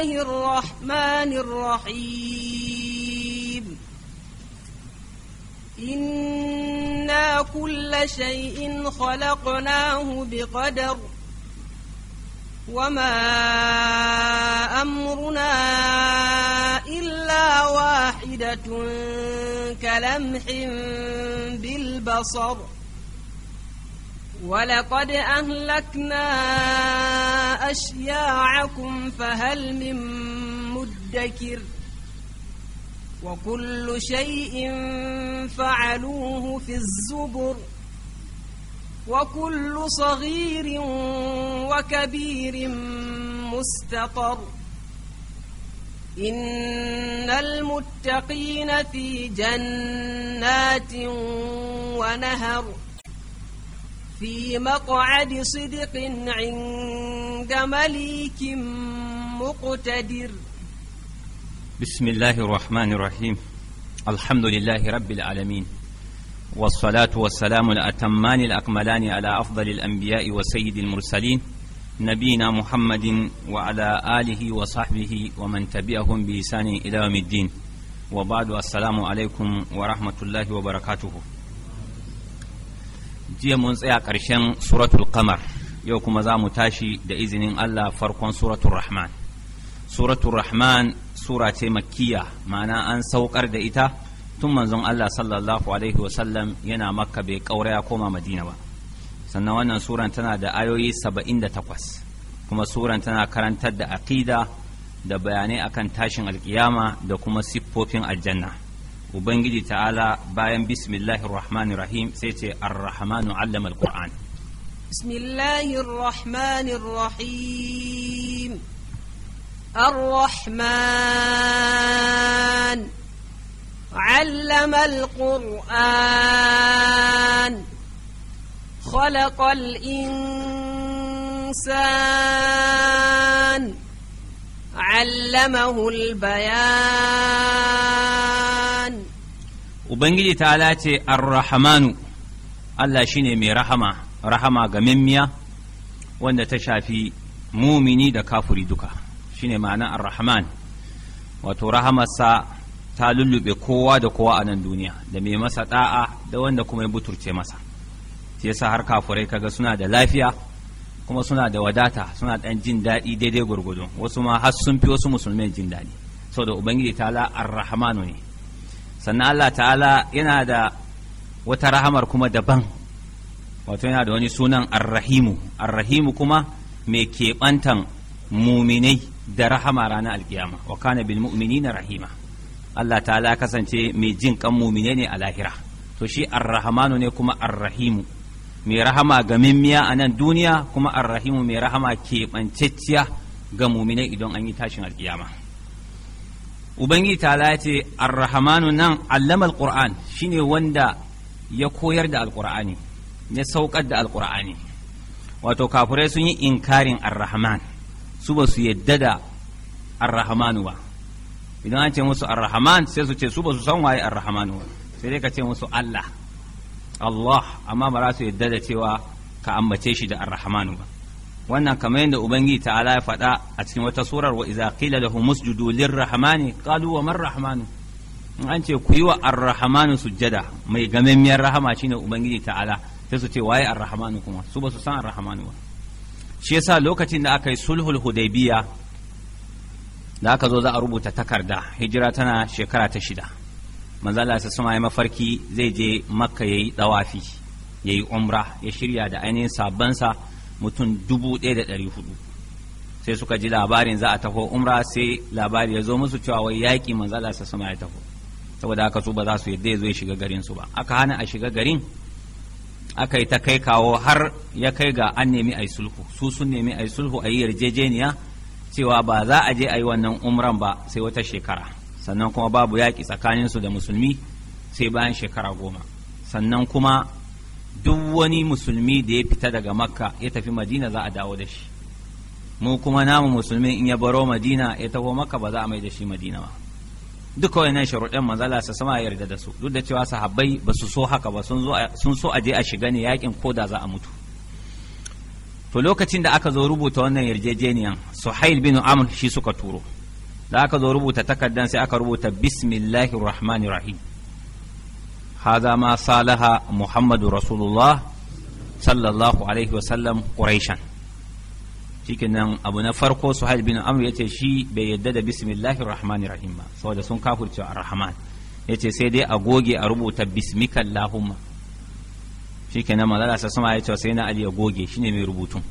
الله الرحمن الرحيم إنا كل شيء خلقناه بقدر وما أمرنا إلا واحدة كلمح بالبصر ولقد أهلكنا أشياعكم فهل من مدكر وكل شيء فعلوه في الزبر وكل صغير وكبير مستقر إن المتقين في جنات ونهر في مقعد صدق عند مليك مقتدر بسم الله الرحمن الرحيم الحمد لله رب العالمين والصلاة والسلام الأتمان الأكملان على أفضل الأنبياء وسيد المرسلين نبينا محمد وعلى آله وصحبه ومن تبعهم بإحسان إلى يوم الدين وبعد السلام عليكم ورحمة الله وبركاته jiya mun tsaya ƙarshen suratul kamar yau kuma za mu tashi da izinin Allah farkon suratul rahman suratul rahman sura ce makkiya ma'ana an saukar da ita tun manzon Allah sallallahu alaihi wasallam yana makka bai kauraya koma madina ba sannan wannan suran tana da ayoyi saba'in da takwas kuma suran tana karantar da aƙida da bayanai akan tashin alkiyama da kuma siffofin aljanna ubangiji ta'ala bayan bismillahir rahmanir rahim sai ce ar-rahmanu allama al-qur'an bismillahir rahmanir rahim ar-rahman allama al-qur'an khalaqa insana علمه البيان Ubangiji ta lace Ar-Rahmanu, Allah shi ne mai rahama, rahama ga mimmiya wanda ta shafi mumini da kafuri duka, shi ne ma'ana Ar-Rahman, wato rahamarsa ta lullube kowa da kowa a nan duniya, da mai masa ɗa'a da wanda kuma ya buturce masa, shi yasa har kafurai kaga suna da lafiya. kuma suna da wadata suna ɗan jin daɗi daidai gwargwado wasu ma har sun fi wasu musulmai jin daɗi saboda ubangiji ta'ala arrahmanu ne sannan Allah ta'ala yana da wata rahamar kuma daban wato yana da wani sunan arrahimu arrahimu kuma mai keɓantan muminai da rahama ranar alkiyama wa kana bil rahima Allah ta'ala kasance mai jin kan muminai ne a lahira to shi arrahmanu ne kuma arrahimu mai rahama ga mimmiya a nan duniya kuma arrahimu mai rahama keɓancacciya ga muminai idan an yi tashin alkiyama ubangiji ya ce arrahamanu nan allama alqur'an shine wanda ya koyar da alqur'ani ya saukar da alqur'ani wato kafurai sun yi inkarin arrahman su ba su yadda da arrahmanu ba idan an ce musu arrahman sai su ce su ba su san waye arrahmanu ba sai dai ka ce musu allah Allah amma ba za su yadda da cewa ka ambace shi da arrahmanu ba wannan kamar yadda ubangiji ta'ala ya faɗa a cikin wata surar wa idza qila lahum usjudu lirrahmani qalu wa man rahmanu in an ce ku yi wa arrahmanu sujjada mai gamammiyar rahama shine ubangiji ta'ala sai su ce waye arrahmanu kuma su ba su san arrahmanu ba shi yasa lokacin da aka yi sulhul hudaybiya da aka zo za a rubuta takarda hijira tana shekara ta shida manzo Allah sama ya mafarki zai je makka yayi dawafi yayi umra ya shirya da ainihin sa mutum dubu ɗaya da ɗari hudu sai suka ji labarin za a taho umra sai labari ya zo musu cewa wai yaƙi manzo Allah sama ya taho saboda haka su ba za su yadda ya zo ya shiga garin su ba aka hana a shiga garin aka yi ta kai kawo har ya kai ga an nemi a sulhu su sun nemi ayi sulhu a yi yarjejeniya cewa ba za a je a yi wannan umran ba sai wata shekara sannan kuma babu yaƙi tsakaninsu da musulmi sai bayan shekara goma sannan kuma duk wani musulmi da ya fita daga makka ya tafi madina za a dawo da shi mu kuma namu musulmi in ya baro madina ya taho makka ba za a mai da shi madina ba duka wannan sharuɗan manzala su sama yarda da su duk da cewa sahabbai ba su so haka ba sun so a je a shiga ne yakin ko da za a mutu to lokacin da aka zo rubuta wannan yarjejeniyan suhail bin amr shi suka turo da aka zo rubuta takardan sai aka rubuta bismillahi rahmani rahim haza ma salaha muhammadu rasulullah sallallahu alaihi wasallam Cikin nan abu na farko suhail bin ya ce shi bai yadda da bismillahir rahmanir rahim ba saboda sun kafirce ar-rahman yace sai dai a goge a rubuta bismika allahumma shikenan manzala sa sama yace sai na ali ya goge shine mai rubutun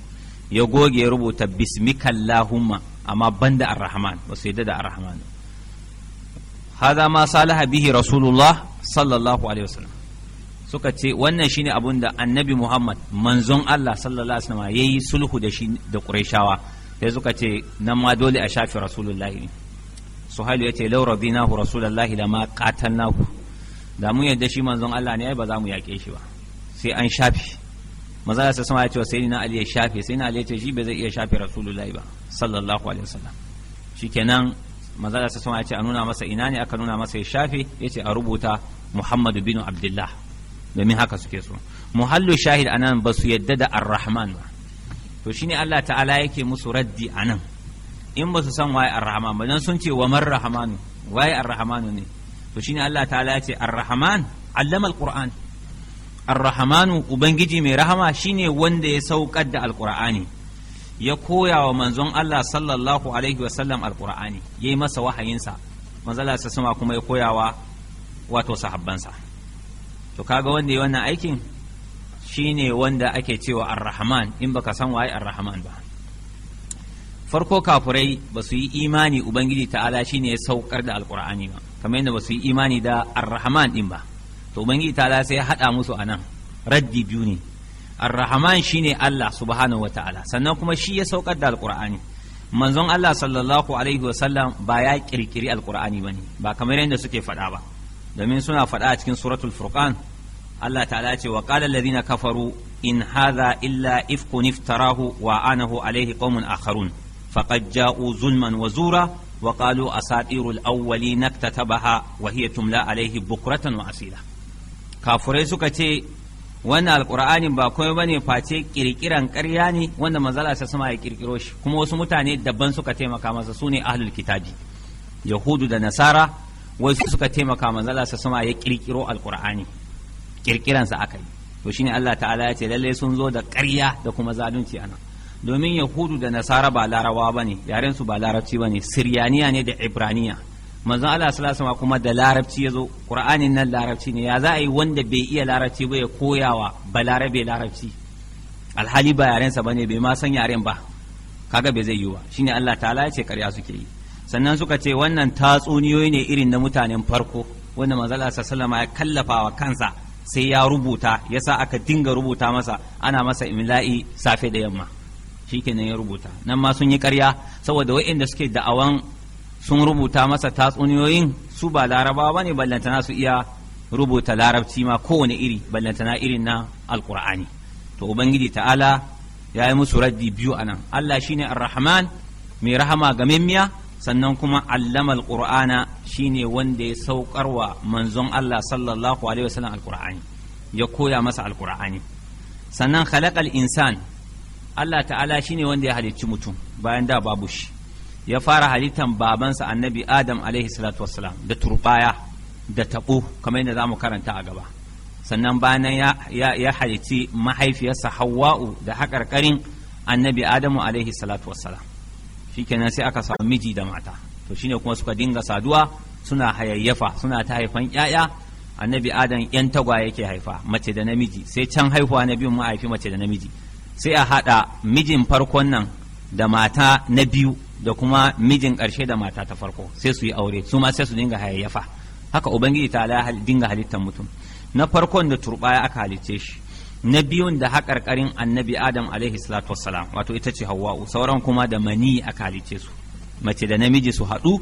ya goge ya rubuta bismika allahumma amma banda ar-rahman ba su yadda da ar-rahman hada ma salaha bihi rasulullah sallallahu alaihi wasallam suka ce wannan shine abun da annabi muhammad manzon allah sallallahu alaihi wasallam yayi sulhu da shi da qurayshawa sai suka ce nan ma dole a shafi rasulullahi suhailu ya ce lau radinahu rasulullahi lama qatalnahu da mun yadda shi manzon Allah ne ai ba za mu yaƙe shi ba sai an shafi maza ya sama ya ce sai na Ali ya shafe sai na Ali ya ce shi bai zai iya shafe rasulullahi ba sallallahu alaihi wasallam shikenan manzala sa sama ya ce a nuna masa ina ne aka nuna masa ya shafe ya ce a rubuta muhammadu bin abdullah domin haka suke so muhallu shahid anan ba su yadda da ar-rahman ba to shine Allah ta'ala yake musu raddi anan in ba su san waye ar-rahman ba dan sun ce wa man rahmanu waye ar-rahmanu ne to shine Allah ta'ala ya ce ar-rahman allama al-qur'an ar-rahmanu ubangiji mai rahama shine wanda ya saukar da al-qur'ani ya koya wa manzon Allah sallallahu alaihi wasallam alqur'ani yayi masa wahayinsa manzon Allah sama kuma ya koyawa wato sahabbansa to kaga wanda ya wannan aikin shine wanda ake cewa ar-rahman in baka san waye ar-rahman ba farko kafurai ba su yi imani ubangiji ta'ala shine ya saukar da alqur'ani ba kamar yadda ba su yi imani da ar-rahman din ba to ubangiji ta'ala sai ya hada musu anan raddi biyu ar-rahman shine Allah subhanahu wataala sannan kuma shi ya saukar da alqur'ani manzon Allah sallallahu alaihi sallam ba ya kirkiri alqur'ani bane ba kamar yadda suke faɗa ba domin suna faɗa a cikin suratul furqan Allah ta'ala ce wa qala alladhina kafaru in hadha illa ifkun iftarahu wa anahu alaihi qaumun akharun faqad ja'u zulman wa zura وقالوا wa hiya tumla alaihi bukratan wa asila Kafurai suka ce. wannan alkur'anin ba komai bane face kirkiran ƙarya ne wanda manzala sai sama ya kirkiro shi kuma wasu mutane daban suka taimaka masa su ne ahlul kitabi yahudu da nasara wasu suka taimaka manzala sai sama ya kirkiro alkur'ani ƙirƙiransa aka yi to shine Allah ta'ala ya ce lalle sun zo da ƙarya da kuma zalunci ana domin yahudu da nasara ba larawa bane yaren su ba larabci bane siryaniya ne da ibraniya manzon Allah sallallahu alaihi kuma da larabci yazo qur'anin nan larabci ne ya za a yi wanda bai iya larabci ba ya koyawa larabe larabci alhali ba yaren sa bane bai ma san yaren ba kaga bai zai yi ba shine Allah ta'ala ya ce ƙarya suke yi sannan suka ce wannan tatsuniyoyi ne irin na mutanen farko wanda manzon Allah sallallahu ya kallafa wa kansa sai ya rubuta yasa aka dinga rubuta masa ana masa imla'i safe da yamma shikenan ya rubuta nan ma sun yi karya saboda waɗanda suke da'awan sun rubuta masa tatsuniyoyin su ba larabawa ba ne ballantana su iya rubuta larabci ma kowane iri ballantana irin na alkur'ani to ubangiji ta'ala ya yi musu raddi biyu a nan allah shine ar-rahman mai rahama ga mimmiya sannan kuma allama alkur'ana shine wanda ya saukarwa manzon allah sallallahu alaihi wasallam alkur'ani ya koya masa alkur'ani sannan khalaqal insan allah ta'ala shine wanda ya halicci mutum bayan da babu shi ya fara halittar babansa annabi adam alaihi salatu wasalam da turbaya da taɓo kamar yadda zamu karanta a gaba sannan bayan ya, ya, ya halitti mahaifiyarsa hawa'u da haƙarƙarin annabi adamu alaihi salatu shi kenan sai aka samu miji da mata to shine kuma suka dinga saduwa suna hayayyafa suna ta haifan 'ya'ya annabi adam yan tagwa yake haifa mace da namiji sai can haihuwa na biyun mahaifi mace da namiji sai a haɗa mijin farkon nan da mata na biyu da kuma mijin ƙarshe da mata ta farko sai su yi aure su ma sai su dinga hayayyafa haka ubangiji ta ala dinga halittar mutum na farkon da turbaya aka halicce shi na biyun da haƙarƙarin annabi adam alaihi salatu wassalam wato ita ce hawa'u sauran kuma da mani aka halicce su mace da namiji su haɗu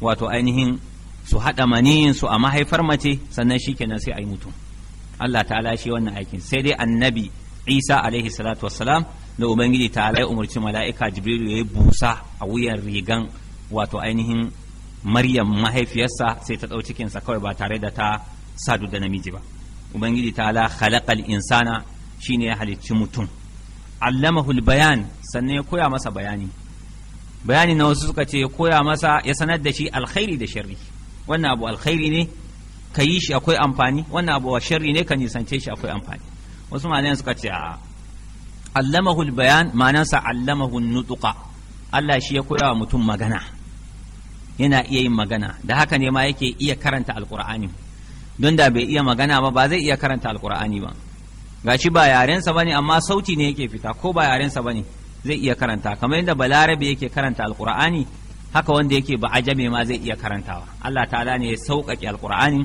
wato ainihin su haɗa maniyin su a mahaifar mace sannan shikenan sai a yi mutum Allah ta'ala shi wannan aikin sai dai annabi Isa alaihi salatu wassalam da ubangiji ta ya umarci mala'ika jibril ya yi busa a wuyan rigan wato ainihin maryam mahaifiyarsa sai ta ɗau cikinsa kawai ba tare da ta sadu da namiji ba ubangiji ta ala khalaqal insana shine ya halicci mutum allamahul bayan sannan ya koya masa bayani bayani na wasu suka ce ya koya masa ya sanar da shi alkhairi da sharri wannan abu alkhairi ne ka yi shi akwai amfani wannan abu sharri ne ka nisance shi akwai amfani wasu malayan suka ce a. allamahul bayan manansa allamahun nutuka Allah shi ya koya wa mutum magana yana iya yin magana da haka ne ma yake iya karanta alkur'ani don da bai iya magana ba ba zai iya karanta alkur'ani ba Ga shi ba yarensa bane amma sauti ne yake fita ko ba yarensa bane zai iya karanta kamar yadda balarabe yake karanta alkur'ani haka wanda yake ba ajabe ma zai iya karantawa Allah ta'ala ne ya sauƙaƙe alkur'ani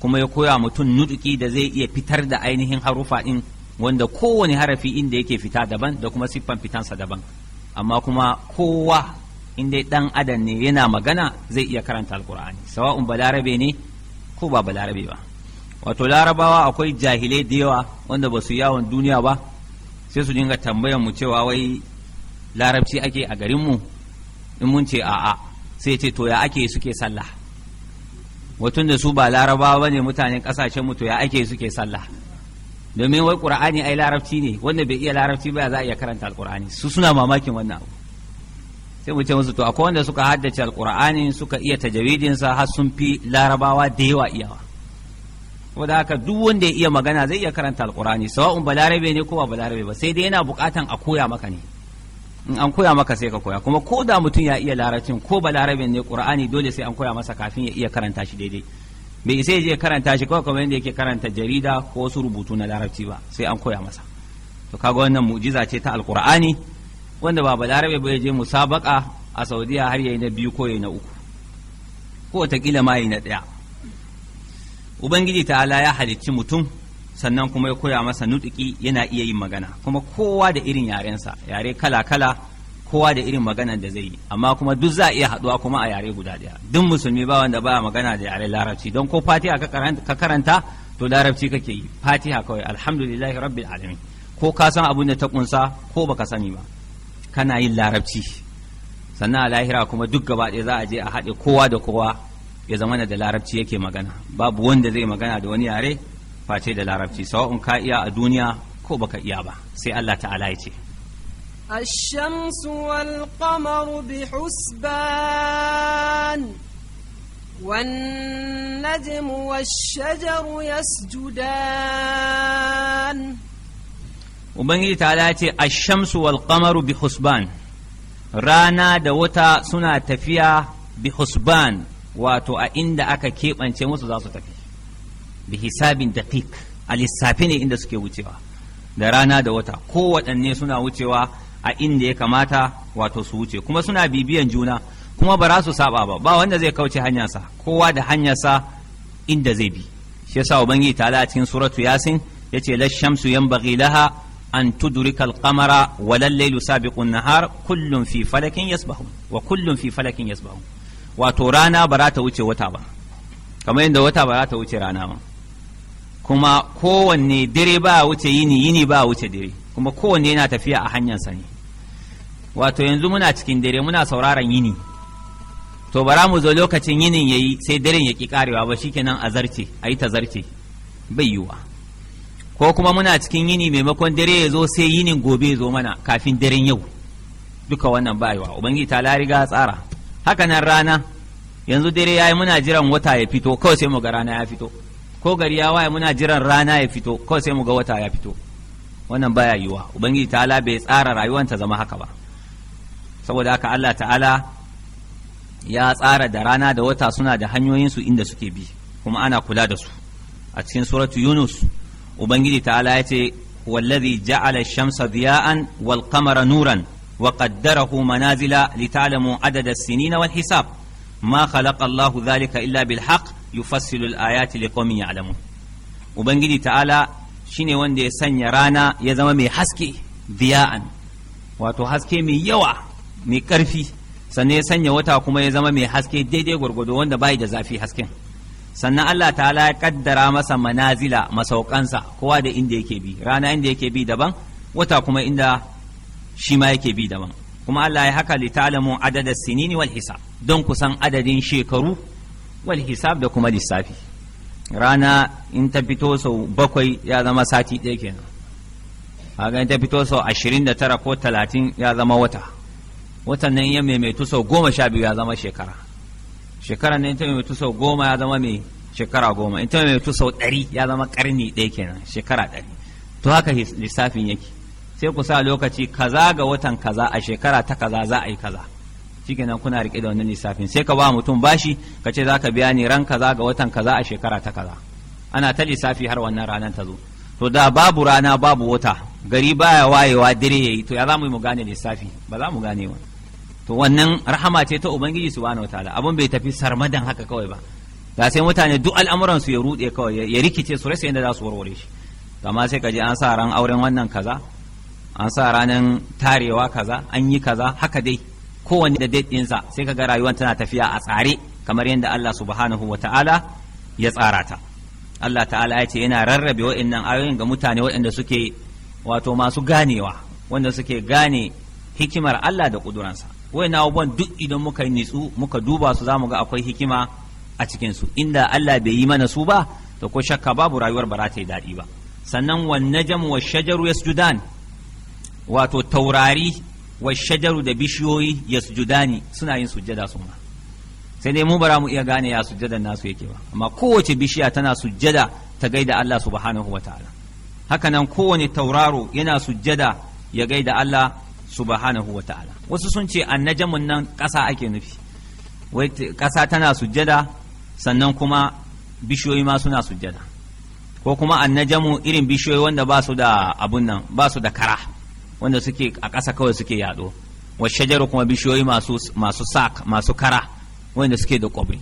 kuma ya koya mutum nutuki da zai iya fitar da ainihin harufa din wanda kowane harafi inda yake fita daban da kuma siffan fitansa daban amma kuma kowa inda dan adam ne yana magana zai iya karanta alkur'ani sawa'un balarabe ne ko ba balarabe ba wato larabawa akwai jahilai da yawa wanda ba su yawon duniya ba sai su dinga tambayar mu cewa wai larabci ake a garin mu in mun ce a'a sai ce to ya ake suke sallah wato da su ba larabawa ne mutanen kasashen mu to ya ake suke sallah domin wai ƙur'ani ai larabci ne wanda bai iya larabci ba za a iya karanta alƙura'ani su suna mamakin wannan abu sai mu ce musu to akwai wanda suka haddace alƙura'ani suka iya tajawidin sa har sun fi larabawa da yawa iyawa saboda haka duk wanda ya iya magana zai iya karanta alƙura'ani sawa'un balarabe ne ko ba balarabe ba sai dai yana bukatan a koya maka ne in an koya maka sai ka koya kuma ko da mutum ya iya larabcin ko balarabe ne ƙur'ani dole sai an koya masa kafin ya iya karanta shi daidai bai isa ya je karanta shi kawai kamar yadda yake karanta jarida ko wasu rubutu na larabci ba sai an koya masa to kaga wannan mu'jiza ce ta alkur'ani wanda ba balarabe ba ya je musabaka a saudiya har yayi na biyu ko yayi na uku ko watakila ma yayi na ɗaya ubangiji ala ya halicci mutum sannan kuma ya koya masa nutuki yana iya yin magana kuma kowa da irin yarensa yare kala kala kowa da irin magana da zai yi amma kuma duk za a iya haɗuwa kuma a yare guda ɗaya duk musulmi ba wanda baya magana da yare larabci don ko fatiha ka karanta to larabci kake yi fatiha kawai alhamdulillahi rabbil alamin ko ka san abin da ta kunsa ko baka sani ba kana yin larabci sannan a lahira kuma duk gaba ɗaya za a je a haɗe kowa da kowa ya zama da larabci yake magana babu wanda zai magana da wani yare face da larabci sawa'un ka iya a duniya ko baka iya ba sai Allah ta'ala ya ce الشمس والقمر بحسبان والنجم والشجر يسجدان وبنجي تعالى الشمس والقمر بحسبان رانا دوتا سنة تفيا بحسبان واتو أئند أكا كيب أن تيموس زاسو تفي بحساب دقيق الاسابين إند سكي وتيوا da rana da wata kowaɗanne suna wucewa a inda ya kamata wato su wuce kuma suna bibiyan juna kuma ba za su saba ba ba wanda zai kauce hanyarsa kowa da hanyarsa inda zai bi shi yasa ubangiji ta a cikin suratu yasin ya ce la shamsu yanbaghi laha an tudrika al-qamara wa lal-laylu sabiqu an-nahar kullun fi falakin yasbahun wa kullum fi falakin yasbahun wato rana ba za ta wuce wata ba kamar yadda wata ba za ta wuce rana ba kuma kowanne dare ba wuce yini yini ba wuce dare kuma kowanne yana tafiya a hanyarsa ne wato yanzu muna cikin dare muna sauraron yini to bara mu zo lokacin yinin yayi sai daren ya ki karewa ba shikenan a zarce ayi ta zarce bai yiwa ko kuma muna cikin yini maimakon dare ya zo sai yinin gobe zo mana kafin daren yau duka wannan ba yiwa ubangiji ta lariga tsara haka nan rana yanzu dare yayi muna jiran wata ya fito kawai sai mu ga rana ya fito ko gari ya waye muna jiran rana ya fito kawai sai mu ga wata ya fito wannan baya yiwa ubangiji ta bai tsara rayuwar ta zama haka ba saboda haka Allah ta'ala ya tsara da rana da wata suna da hanyoyinsu inda suke bi kuma ana kula da su a cikin suratu yunus ubangiji ta'ala ya ce wallazi ja'ala shamsa diya'an wal qamara nuran wa qaddarahu manazila lita'lamu adada as-sinina wal hisab ma khalaqa Allahu dhalika illa bil haqq yufassilu al-ayati liqaumin ya'lamun ubangiji ta'ala shine wanda ya sanya rana ya zama mai haske diya'an wato haske mai yawa mai ƙarfi sannan ya sanya wata kuma ya zama mai haske daidai gwargwado wanda bai da zafi hasken sannan Allah ta'ala ya kaddara masa manazila masaukansa kowa da inda yake bi rana inda yake bi daban wata kuma inda shi ma yake bi daban kuma Allah ya haka li ta'lamu adada sinini wal hisab don kusan adadin shekaru wal hisab da kuma lissafi rana in ta fito sau bakwai ya zama sati ɗaya kenan kaga in ta fito sau ashirin da tara ko talatin ya zama wata watan nan ya maimaitu sau goma sha biyu ya zama shekara shekara nan ta maimaitu sau goma ya zama mai shekara goma in ta maimaitu sau ɗari ya zama ƙarni ɗaya kenan shekara ɗari to haka lissafin yake sai ku sa lokaci kaza ga watan kaza a shekara ta kaza za a yi kaza shikenan kuna riƙe da wannan lissafin sai ka ba mutum bashi ka ce za ka biya ni ran kaza ga watan kaza a shekara ta kaza ana ta lissafi har wannan ranar ta zo to da babu rana babu wata gari baya wayewa dire yayi to ya za mu yi mu gane lissafi ba za mu gane wani to wannan rahama ce ta ubangiji subhanahu wataala abun bai tafi sarmadan haka kawai ba da sai mutane duk al'amuran su ya rude kawai ya rikice su rasa yadda za su warware shi amma sai ka je an sa ran auren wannan kaza an sa ranan tarewa kaza an yi kaza haka dai kowanne da date sai ka ga rayuwar tana tafiya a tsare kamar yadda Allah subhanahu wataala ya tsara ta Allah ta'ala ya ce yana rarrabe wa'annan ayoyin ga mutane waɗanda suke wato masu ganewa wanda suke gane hikimar Allah da ƙuduransa wayan ban duk idan muka yi nitsu muka duba su zamu ga akwai hikima a cikin su inda Allah bai yi mana su ba to ko shakka babu rayuwar ba za ta yi daɗi ba sannan wan najam wa shajaru yasjudan wato taurari wa shajaru da bishiyoyi yasjudani suna yin sujjada su ma sai dai mu bara mu iya gane ya sujjadan nasu yake ba amma kowace bishiya tana sujjada ta gaida Allah subhanahu wataala haka nan kowane tauraro yana sujjada ya gaida Allah subhanahu wa ta'ala wasu sun ce annajamun nan ƙasa ake nufi wai ƙasa tana sujjada sannan kuma bishiyoyi ma suna sujjada ko kuma annajamu irin bishiyoyi wanda ba su da abun nan ba su da kara wanda suke a ƙasa kawai suke yaɗo wa shajaru kuma bishiyoyi masu masu sak masu kara wanda suke da ƙwabri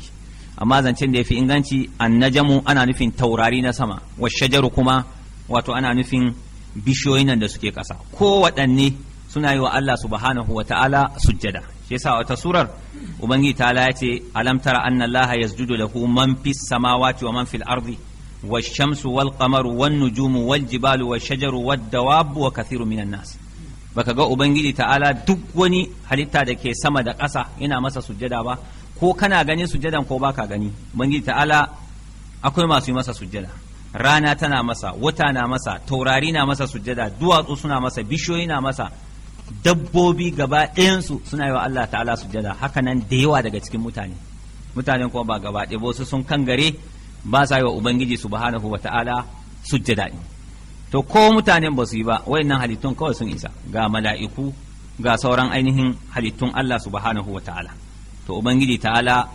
amma zancen da ya fi inganci annajamu ana nufin taurari na sama wa shajaru kuma wato ana nufin bishiyoyin nan da suke ƙasa ko waɗanne suna yi wa Allah subhanahu wa ta'ala sujjada shi yasa wata surar ubangi ta'ala ya ce alam annallaha ya Allah yasjudu ku man fis samawati wa man fil ardi والشمس والقمر والنجوم والجبال والشجر والدواب وكثير minan الناس baka ga ubangiji ta'ala duk wani halitta da ke sama da ƙasa yana masa sujjada ba ko kana gani sujjadan ko baka gani ubangiji ta'ala akwai masu yi masa sujjada rana tana masa wata na masa taurari na masa sujjada duwatsu suna masa bishiyoyi na masa dabbobi gaba ɗayansu suna yi wa Allah ta'ala sujada haka nan da yawa daga cikin mutane mutanen kuma ba gaba ɗaya wasu sun gare ba sa yi wa ubangiji subhanahu wa ta'ala sujada ɗin to ko mutanen ba su yi ba wayannan halittun kawai sun isa ga mala'iku ga sauran ainihin halittun Allah subhanahu wa ta'ala to ubangiji ta'ala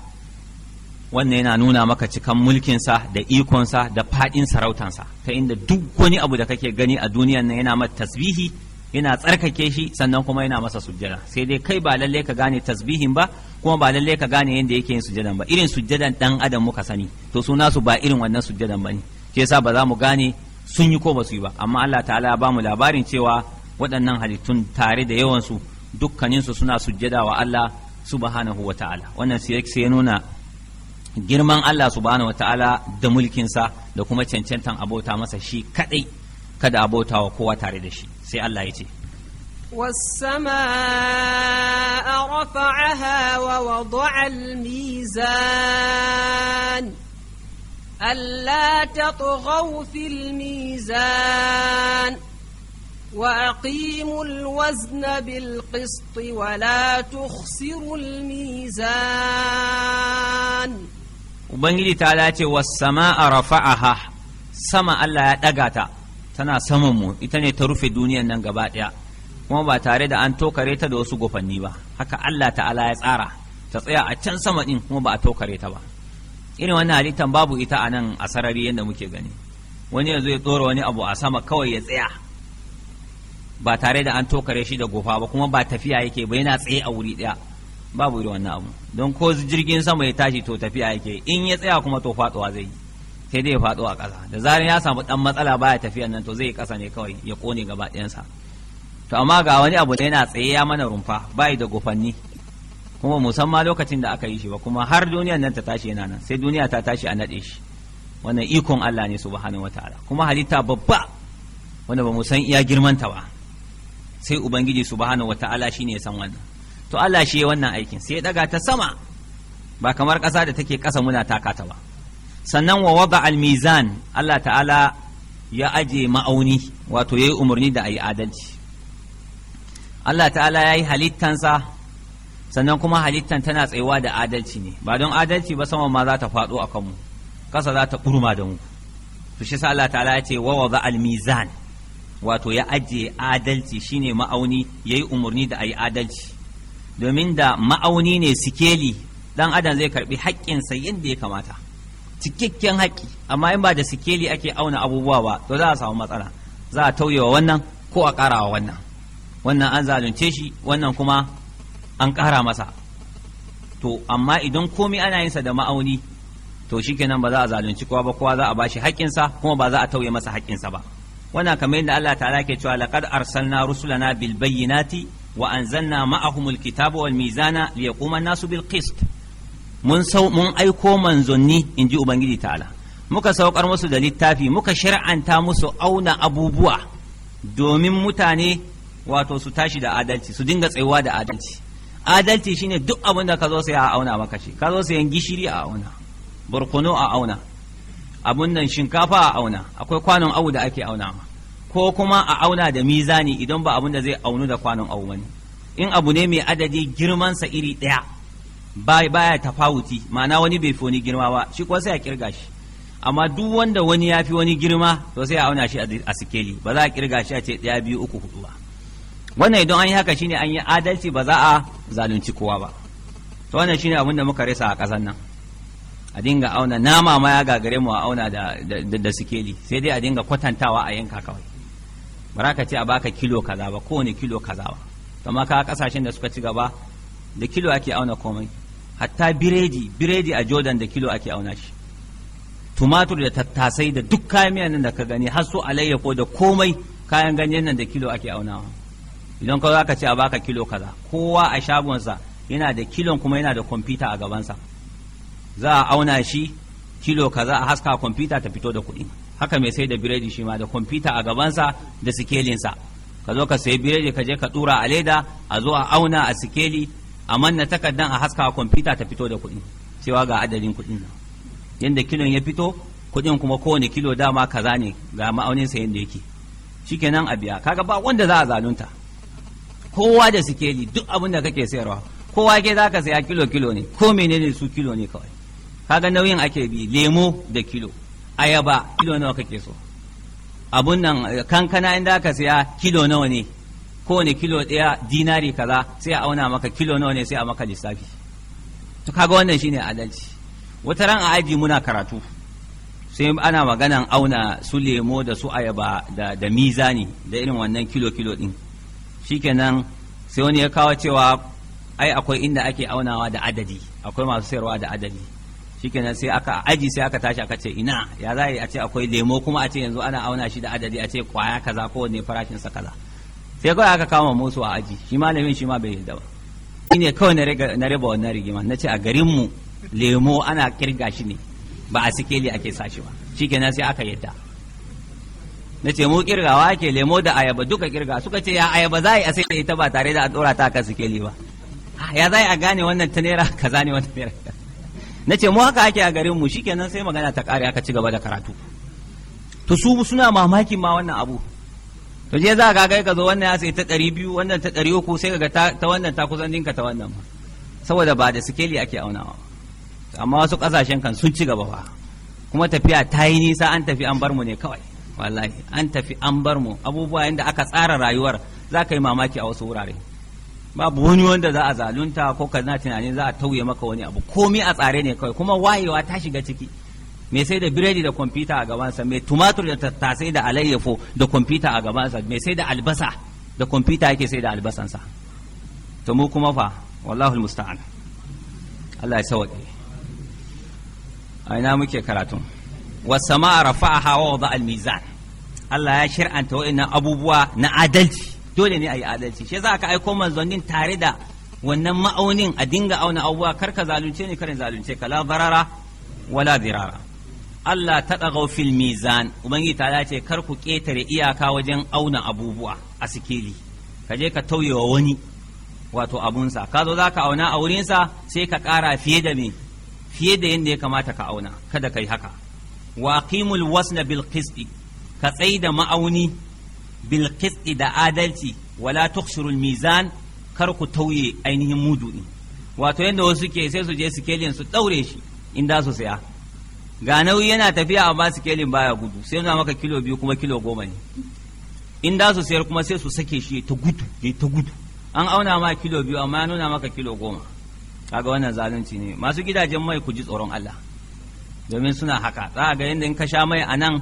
wannan yana nuna maka cikan sa da ikon sa da faɗin sarautansa ta inda duk wani abu da kake gani a duniyan nan yana mata tasbihi yana tsarkake shi sannan kuma yana masa sujjada sai dai kai ba lalle ka gane tasbihin ba kuma ba lalle ka gane yadda yake yin sujjadan ba irin sujjadan dan adam muka sani to su ba irin wannan sujjadan ba ne shi yasa ba za mu gane sun yi ko ba su yi ba amma Allah ta'ala ba mu labarin cewa waɗannan halittun tare da yawan yawansu dukkaninsu suna sujjada wa Allah subhanahu wa ta'ala wannan sai ya nuna girman Allah subhanahu wa ta'ala da mulkinsa da kuma cancantan abota masa shi kadai kada abota wa kowa tare da shi sai Allah ya ce والسماء رفعها ووضع الميزان ألا تطغوا في الميزان وأقيموا الوزن بالقسط ولا تخسروا الميزان وبنجلي تعالى والسماء رفعها سما ألا يدقتا tana saman mu ita ne ta rufe duniyan nan gaba ɗaya kuma ba tare da an tokare ta da wasu gofanni ba haka Allah ta'ala ya tsara ta tsaya a can sama ɗin kuma ba a tokare ta ba irin wannan halittan babu ita a nan a sarari yadda muke gani wani yanzu ya tsora wani abu a sama kawai ya tsaya ba tare da an tokare shi da gofa ba kuma ba tafiya yake ba yana tsaye a wuri ɗaya babu irin wannan abu don ko jirgin sama ya tashi to tafiya yake in ya tsaya kuma to faɗuwa zai yi sai dai ya faɗo a ƙasa da zarin ya samu ɗan matsala baya tafiyan nan to zai yi ƙasa ne kawai ya ƙone gaba ɗayansa to amma ga wani abu da yana tsaye ya mana rumfa bayi da gofanni kuma musamman lokacin da aka yi shi ba kuma har duniyan nan ta tashi yana nan sai duniya ta tashi a naɗe shi wannan ikon Allah ne subhanahu wataala kuma halitta babba wanda ba mu san iya girmanta ba sai ubangiji subhanahu wataala shine ya san wannan to Allah shi ya wannan aikin sai ya daga ta sama ba kamar ƙasa da take ƙasa muna taka ta ba sannan wa wada almizan Allah ta'ala ya aje ma'auni wato ya yi umarni da a yi adalci Allah ta'ala ya yi halittansa sannan kuma halittan tana tsayuwa da adalci ne ba don adalci ba sama ma za ta faɗo a kanmu kasa za ta ƙurma da mu to shi Allah ta'ala ya ce wa wada almizan wato ya aje adalci shine ma'auni ya yi umarni da a yi adalci domin da ma'auni ne sikeli dan adam zai karbi haƙƙinsa yadda ya kamata cikakken haƙƙi amma in ba da sikeli ake auna abubuwa ba to za a samu matsala za a wa wannan ko a wa wannan wannan an zalunce shi wannan kuma an ƙara masa to amma idan komi ana yinsa da ma'auni to shikenan ba za a zalunci kowa ba kowa za a bashi haƙƙinsa kuma ba za a tauye masa haƙƙinsa ba wannan kamar yadda Allah ta'ala ke cewa laqad arsalna rusulana bil bayyinati wa anzalna ma'ahumul kitaba wal mizana liyaquma an-nasu bil qist mun sau mun aiko manzonni in ji ubangiji ta'ala muka saukar musu da littafi muka shar'anta musu auna abubuwa domin mutane wato su tashi da adalci su dinga tsayuwa da adalci adalci shine duk abin da ka zo sai a auna maka shi ka zo sai gishiri a auna barkono a auna abun nan shinkafa a auna akwai kwanon awu da ake auna ma ko kuma a auna da mizani idan ba abun da zai aunu da kwanon awu bane in abu ne mai adadi girman sa iri ɗaya ba baya tafawuti ma'ana wani bai fi wani girma ba shi kuwa sai a kirga shi amma duk wanda wani ya fi wani girma to sai a auna shi a sikeli ba za a kirga shi a ce ɗaya biyu uku hudu ba wannan idan an yi haka shine an yi adalci ba za a zalunci kowa ba to wannan shine abin da muka rasa a ƙasar nan a dinga auna nama ma ya gagare mu a auna da, sikeli sai dai a dinga kwatantawa a yanka kawai ba ka ce a baka kilo kaza ba kowane kilo kaza ba kamar ka kasashen da suka ci gaba da kilo ake auna komai hatta biredi biredi a jordan da kilo ake auna shi tumatur da tattasai da duk kayan miyan nan da ka gani har su alayyafo da komai kayan ganyen nan da kilo ake aunawa idan ka za ce a baka kilo kaza kowa a shagonsa yana da kilon kuma yana da kwamfuta a gabansa za a auna shi kilo kaza a haska kwamfuta ta fito da kuɗi haka mai sai da biredi shi ma da kwamfuta a gabansa da sikelinsa ka zo ka sayi biredi ka je ka dura a leda a zo a auna a sikeli a manna takardan a haska kwamfuta ta fito da kuɗi cewa ga adadin kuɗin nan yadda kilon ya fito kuɗin kuma kowane kilo dama kaza ne ga ma'aunin sa yadda yake shikenan a biya kaga ba wanda za a zalunta kowa da sikeli duk abin da kake sayarwa kowa ke ka saya kilo kilo ne ko menene su kilo ne kawai kaga nauyin ake bi lemo da kilo ayaba kilo nawa kake so abun nan kankana inda ka saya kilo nawa ne kowane kilo ɗaya dinari kaza sai a auna maka kilo nawa ne sai a maka lissafi to kaga wannan shine adalci wata ran a aji muna karatu sai ana maganan auna su lemo da su ayaba da, da mizani da irin wannan kilo kilo din shikenan sai wani ya kawo cewa ai akwai inda ake aunawa da adadi akwai masu sayarwa da adadi shikenan sai aka aji sai aka tashi aka ce ina ya za a ce akwai lemo kuma a ce yanzu ana auna shi da adadi a ce kwaya kaza kowanne farashin sa kaza sai kawai aka kama musu a aji shi malamin shi ma bai yarda ba shi ne kawai na raba wannan rigima na ce a garinmu lemo ana kirga shi ne ba a sikeli ake sashi ba shi kenan sai aka yadda na ce mu kirgawa ake lemo da ayaba duka kirga suka ce ya ayaba za a sai da ita ba tare da a dora ta kan sikeli ba ah, ya za a gane wannan ta naira kaza ne wannan naira na ce mu haka ake a garinmu shi kenan sai magana ta kare aka ci gaba da karatu to su suna mamakin ma wannan abu to je za ka kai ka zo wannan ya sai ta ɗari biyu wannan ta ɗari uku sai ka ga ta wannan ta kusan dinka ta wannan saboda ba da sikeli ake aunawa amma wasu kasashen kan sun ci gaba ba kuma tafiya ta yi nisa an tafi an bar mu ne kawai wallahi an tafi an bar mu abubuwa inda aka tsara rayuwar za ka yi mamaki a wasu wurare babu wani wanda za a zalunta ko ka na tunanin za a tauye maka wani abu komai a tsare ne kawai kuma wayewa ta shiga ciki mai sai da biredi da kwamfuta a gabansa mai tumatur da tattasai da alayyafo da kwamfuta a gabansa mai sai da albasa da kwamfuta yake sai da albasansa to mu kuma fa wallahu musta'an Allah ya sauke a ina muke karatun wasama rafa'aha wa wada al-mizan Allah ya shir'anta wa'annan abubuwa na adalci dole ne a yi adalci shi za ka aiko manzonin tare da wannan ma'aunin a dinga auna abubuwa kar ka zalunce ni karin zalunce ka barara wala dirara Allah ta ɗagau fil mizan Ubangiji ta ce kar ku ƙetare iyaka wajen auna abubuwa a sikeli ka je ka tauye wani wato abunsa ka zo za ka auna a wurinsa sai ka ƙara fiye da me fiye da yadda ya kamata ka auna kada ka yi haka wa qimul wasna bil qisti ka tsai da ma'auni bil qisti da adalci wala tukhshirul mizan kar ku tauye ainihin mudu wato yadda wasu ke sai su je sikelin su ɗaure shi in da su saya ga nauyi yana tafiya a amma sikelin baya gudu sai nuna maka kilo biyu kuma kilo goma ne in da su sayar kuma sai su sake shi ta gudu ya ta gudu an auna ma kilo biyu amma ya nuna maka kilo goma kaga wannan zalunci ne masu gidajen mai ku ji tsoron Allah domin suna haka za ga yadda in ka sha mai a nan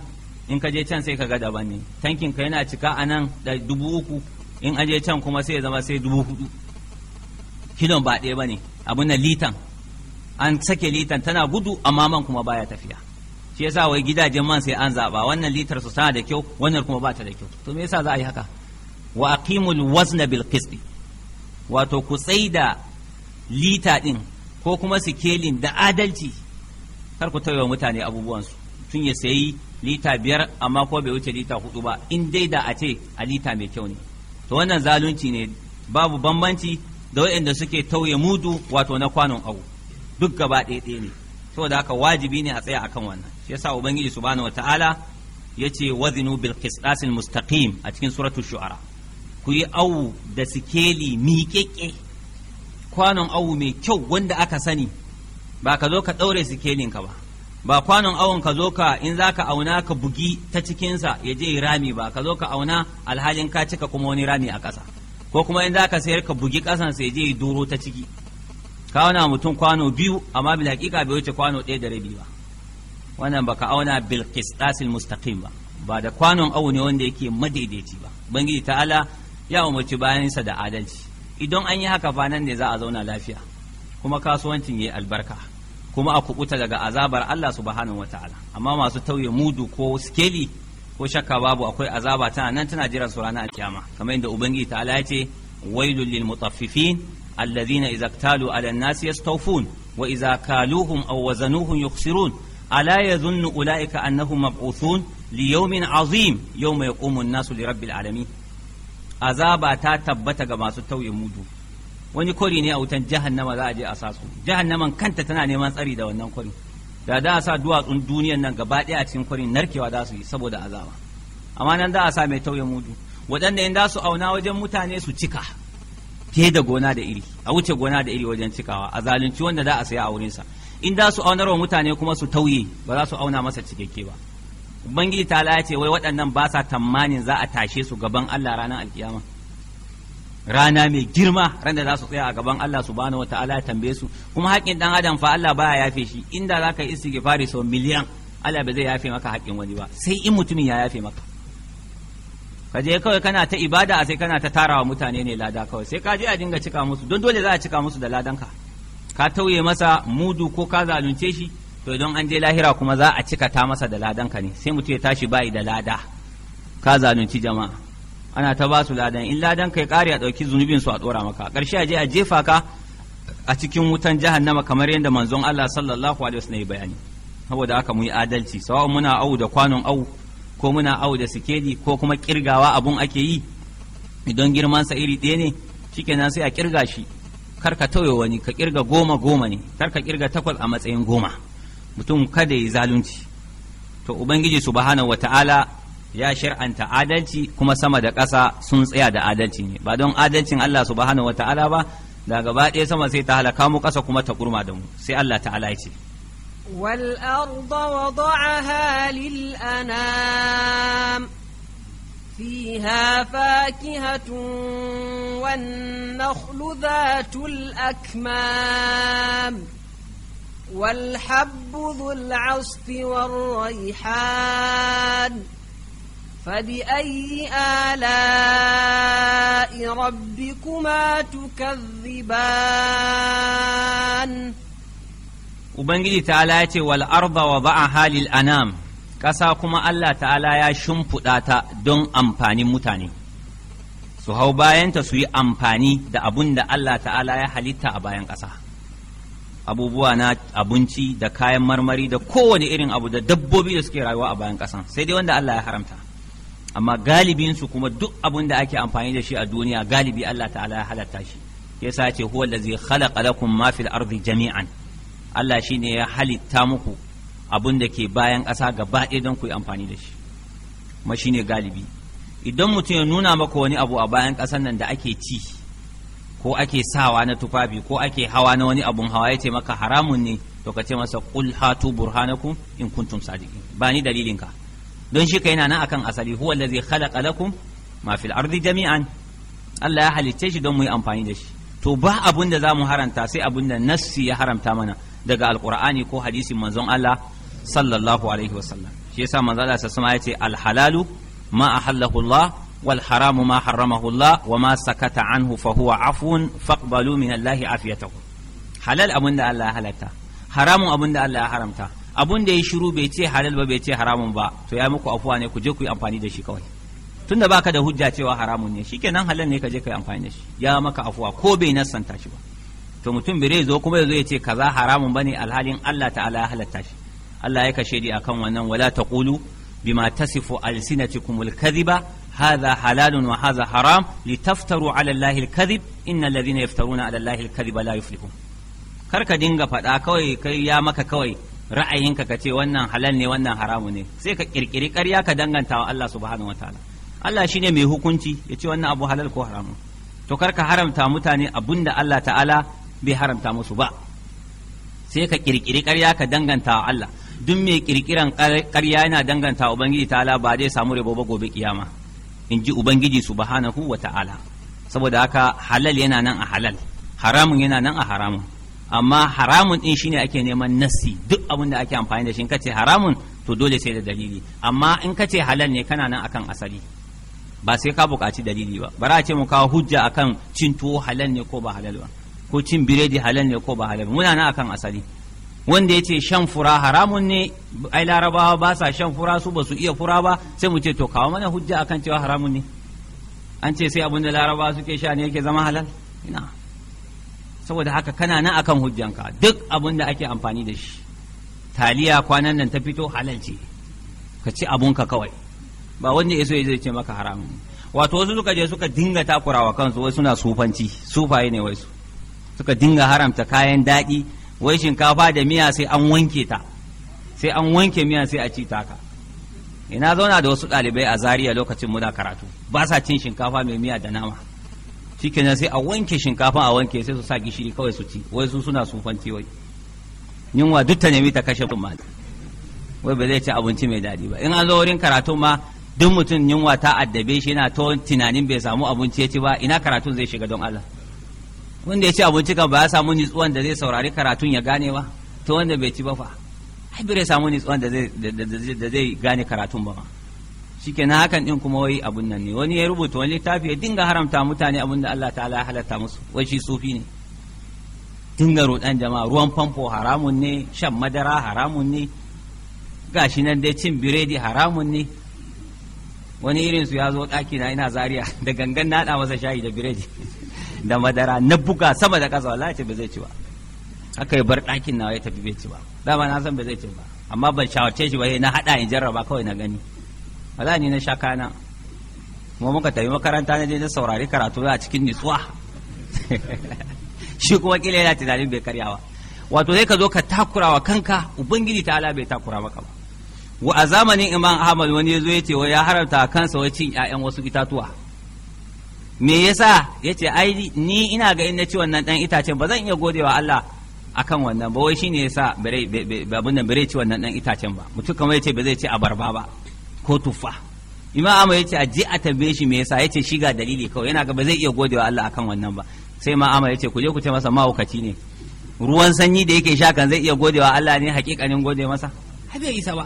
in ka je can sai ka ga daban ne tankin ka yana cika a nan da dubu uku in aje can kuma sai ya zama sai dubu hudu kilon ba ɗaya ba ne abin na litan an sake litan tana gudu amma man kuma baya tafiya shi yasa wai gidajen man sai an zaba wannan litar su tana da kyau wannan kuma ba ta da kyau to me yasa za a yi haka wa aqimul wazna bil qisti wato ku tsaida lita din ko kuma sikelin da adalci kar ku tauye mutane abubuwansu tun ya sayi lita biyar amma ko bai wuce lita hudu ba in dai da a ce a lita mai kyau ne to wannan zalunci ne babu bambanci da waɗanda suke tauye mudu wato na kwanon abu duk gaba ɗaya ne saboda haka wajibi ne a tsaya akan wannan shi yasa ubangiji subhanahu wataala yace wazinu bil qisas al mustaqim a cikin suratul shu'ara ku yi awu da sikeli miƙeƙe kwanon awu mai kyau wanda aka sani ba ka zo ka ɗaure sikelin ka ba ba kwanon awon ka zo ka in za ka auna ka bugi ta cikinsa ya je rami ba ka zo ka auna alhalin ka cika kuma wani rami a ƙasa ko kuma in za ka sayar ka bugi ƙasansa ya je duro ta ciki ka auna mutum kwano biyu amma bil hakika bai wuce kwano ɗaya da rabi ba wannan baka auna bil qistasil mustaqim ba ba da kwanon awu ne wanda yake madaidaici ba ubangiji ala ya umarci bayansa da adalci idan an yi haka fa nan ne za a zauna lafiya kuma kasuwancin yayi albarka kuma a kubuta daga azabar Allah subhanahu wataala amma masu tauye mudu ko skeli ko shakka babu akwai azaba tana nan tana jiran su ranar alkiyama kamar yadda ubangiji ta ya ce wailul lil mutaffifin الذين إذا اكتالوا على الناس يستوفون وإذا كالوهم أو وزنوهم يخسرون ألا يظن أولئك أنهم مبعوثون ليوم عظيم يوم يقوم الناس لرب العالمين azaba ta tabbata ga masu tauye mudu wani kori ne a wutan jihar za a je a sa su jahannaman kanta tana neman tsari da wannan kori da za a sa duwatsun duniyan nan gaba ɗaya a cikin kwarin narkewa za su yi saboda azaba amma nan za a sa mai tauye mudu waɗanda in za su auna wajen mutane su cika ke da gona da iri a wuce gona da iri wajen cikawa a zalunci wanda za a saya a wurinsa in da su aunar wa mutane kuma su tauye ba za su auna masa cikakke ba ubangiji ta ya ce wai waɗannan ba sa tamanin za a tashe su gaban Allah ranar alkiyama rana mai girma ran da za su tsaya a gaban Allah subhanahu wata ya tambaye su kuma haƙƙin dan adam fa Allah baya yafe shi inda za ka yi istighfari sau miliyan Allah ba zai yafe maka haƙƙin wani ba sai in mutumin ya yafe maka ka je kawai kana ta ibada a sai kana ta tarawa mutane ne lada kawai sai ka je a dinga cika musu don dole za a cika musu da ladanka ka tauye masa mudu ko ka zalunce shi to idan an je lahira kuma za a cika ta masa da ladanka ne sai mutum ya tashi bayi da lada ka zalunci jama'a ana ta ba su ladan in ladan kai kare a ɗauki zunubin su a ɗora maka karshe a je a jefa ka a cikin wutan jahannama kamar yadda manzon Allah sallallahu alaihi wasallam ya bayani saboda haka muyi adalci sawa muna au da kwanon au ko muna awo da sikeli ko kuma kirgawa abun ake yi idan girman sa iri ɗaya ne shikenan sai a kirga shi kar ka tauye wani ka kirga goma goma ne kar ka kirga takwas a matsayin goma mutum kada ya zalunci to ubangiji subhanahu wataala ya shar'anta adalci kuma sama da ƙasa sun tsaya da adalci ne ba don adalcin Allah subhanahu wataala ba da gaba ɗaya sama sai ta halaka mu ƙasa kuma ta kurma da mu sai Allah ta'ala ya ce والأرض وضعها للأنام فيها فاكهة والنخل ذات الأكمام والحب ذو العصف والريحان فبأي آلاء ربكما تكذبان؟ ubangiji ta'ala ya ce wal arda wa ba'a halil anam ƙasa kuma Allah ta'ala ya shimfiɗa ta don amfanin mutane su hau bayanta su yi amfani da abun da Allah ta'ala ya halitta a bayan ƙasa abubuwa na abinci da kayan marmari da kowane irin abu da dabbobi da suke rayuwa a bayan ƙasan sai dai wanda Allah ya haramta amma galibin su kuma duk abun da ake amfani da shi a duniya galibi Allah ta'ala ya halatta shi yasa ya ce huwa allazi khalaqa lakum ma fil ardi jami'an Allah shi ne ya halitta muku abin da ke bayan ƙasa gaba ɗaya don ku yi amfani da shi kuma shi ne galibi idan mutum ya nuna maka wani abu a bayan ƙasan nan da ake ci ko ake sawa na tufafi ko ake hawa na wani abun hawa ya ce maka haramun ne to ka ce masa qul hatu burhanakum in kuntum sadiqin ba ni dalilinka don shi kai nan akan asali huwa allazi khalaqa lakum ma fil ardi jami'an Allah ya halicce shi don mu yi amfani da shi to ba abun da za mu haranta sai abun da nassi ya haramta mana daga alkur'ani ko hadisin manzon Allah sallallahu alaihi wasallam shi yasa manzon Allah sallallahu alaihi ya ce alhalalu ma ahallahu Allah wal haramu ma harramahu Allah wa ma sakata anhu fa huwa afun faqbalu min Allah afiyatahu halal abun da Allah ya halatta haramun abun da Allah ya haramta abun da ya shiru bai ce halal ba bai ce haramun ba to ya muku afuwa ne ku je ku yi amfani da shi kawai tunda baka da hujja cewa haramun ne shikenan halal ne ka je ka yi amfani da shi ya maka afuwa ko bai nasanta shi ba to mutum bai zo kuma yazo ya ce kaza haramun bane alhalin Allah ta'ala ya halatta shi Allah ya kashe di akan wannan wala taqulu bima tasifu alsinatikumul kadhiba hadha halalun wa hadha haram litaftaru ala Allahi alkadhib innal ladhina yaftaruna ala Allahi alkadhiba la yuflihun kar ka dinga faɗa kawai kai ya maka kawai ra'ayinka ka ce wannan halal ne wannan haramu ne sai ka kirkiri ƙarya ka danganta wa Allah subhanahu wataala Allah shine mai hukunci ya ce wannan abu halal ko haramu to kar ka haramta mutane da Allah ta'ala bai haramta musu ba sai ka kirkiri ƙarya ka danganta wa Allah duk mai kirkiran ƙarya yana danganta ubangiji ta'ala ba zai samu rabo ba gobe kiyama in ji ubangiji subhanahu wa ta'ala saboda haka halal yana nan a halal haramun yana nan a haramun amma haramun din shine ake neman nassi duk abin da ake amfani da shi in kace haramun to dole sai da dalili amma in kace halal ne kana nan akan asali ba sai ka buƙaci dalili ba bara a ce mu kawo hujja akan cin tuwo halal ne ko ba halal ba ko cin biredi halal ne ko ba halal muna na akan asali wanda ya ce shan fura haramun ne ai larabawa ba sa shan fura su ba su iya fura ba sai mu ce to kawo mana hujja akan cewa haramun ne an ce sai abin da larabawa suke sha ne yake zama halal ina saboda haka kana na akan hujjanka duk abin da ake amfani da shi taliya kwanan nan ta fito halal ce ka ci abunka kawai ba wanda ya so ya ce maka haramun wato wasu suka je suka dinga takurawa kansu wai suna sufanci sufaye ne wai su suka dinga haramta kayan daɗi wai shinkafa da miya sai an wanke ta sai an wanke miya sai a ci taka ina zauna da wasu ɗalibai a zariya lokacin muna karatu ba sa cin shinkafa mai miya da nama shikenan sai a wanke shinkafa a wanke sai su sa gishiri kawai su ci wai su suna sufanci wai yunwa duk ta nemi ta kashe kuma wai ba zai ci abinci mai daɗi ba in an zo wurin karatu ma duk mutum yunwa ta addabe shi yana ta tunanin bai samu abinci ya ci ba ina karatun zai shiga don Allah wanda ya ci abinci kan ba ya samu nitsuwan da zai saurari karatun ya gane ba to wanda bai ci ba fa ai bai samu nitsuwan da zai gane karatun ba ma ke na hakan din kuma wai abun nan ne wani ya rubuta wani littafi ya dinga haramta mutane abin da Allah ta'ala ya halatta musu wai shi sufi ne dinga roɗan jama'a ruwan famfo haramun ne shan madara haramun ne gashi nan dai cin biredi haramun ne wani irin su ya zo ɗaki na ina zariya da gangan na masa shayi da biredi da madara na buga sama da kasa wallahi ce ba zai ci ba Aka yi bar ɗakin nawa ya tafi bai ci ba dama na san ba zai ci ba amma ban shawarce shi ba na haɗa in jarraba kawai na gani wala ni na sha kana kuma muka tafi makaranta na je na saurari karatu a cikin nutsuwa shi kuma kila yana tunanin bai karyawa wato sai ka zo ka takura wa kanka ubangiji ta ala bai takura maka ba wa a zamanin imam ahmad wani ya zo ya ce ya haramta kansa wai cin 'ya'yan wasu itatuwa me yasa ce ai ni ina ga in ci wannan dan itacen ba zan iya godewa Allah akan wannan ba wai shine yasa bare abin nan bare ci wannan dan itacen ba mutum kamar yace ba zai ci abarba ba ko tuffa imam amma yace a ji a tambaye shi me yasa yace shi ga dalili kawai yana ga ba zai iya godewa Allah akan wannan ba sai ma amma ce ku je ku ce masa mahaukaci ne ruwan sanyi da yake sha kan zai iya godewa Allah ne hakikanin gode masa har bai isa ba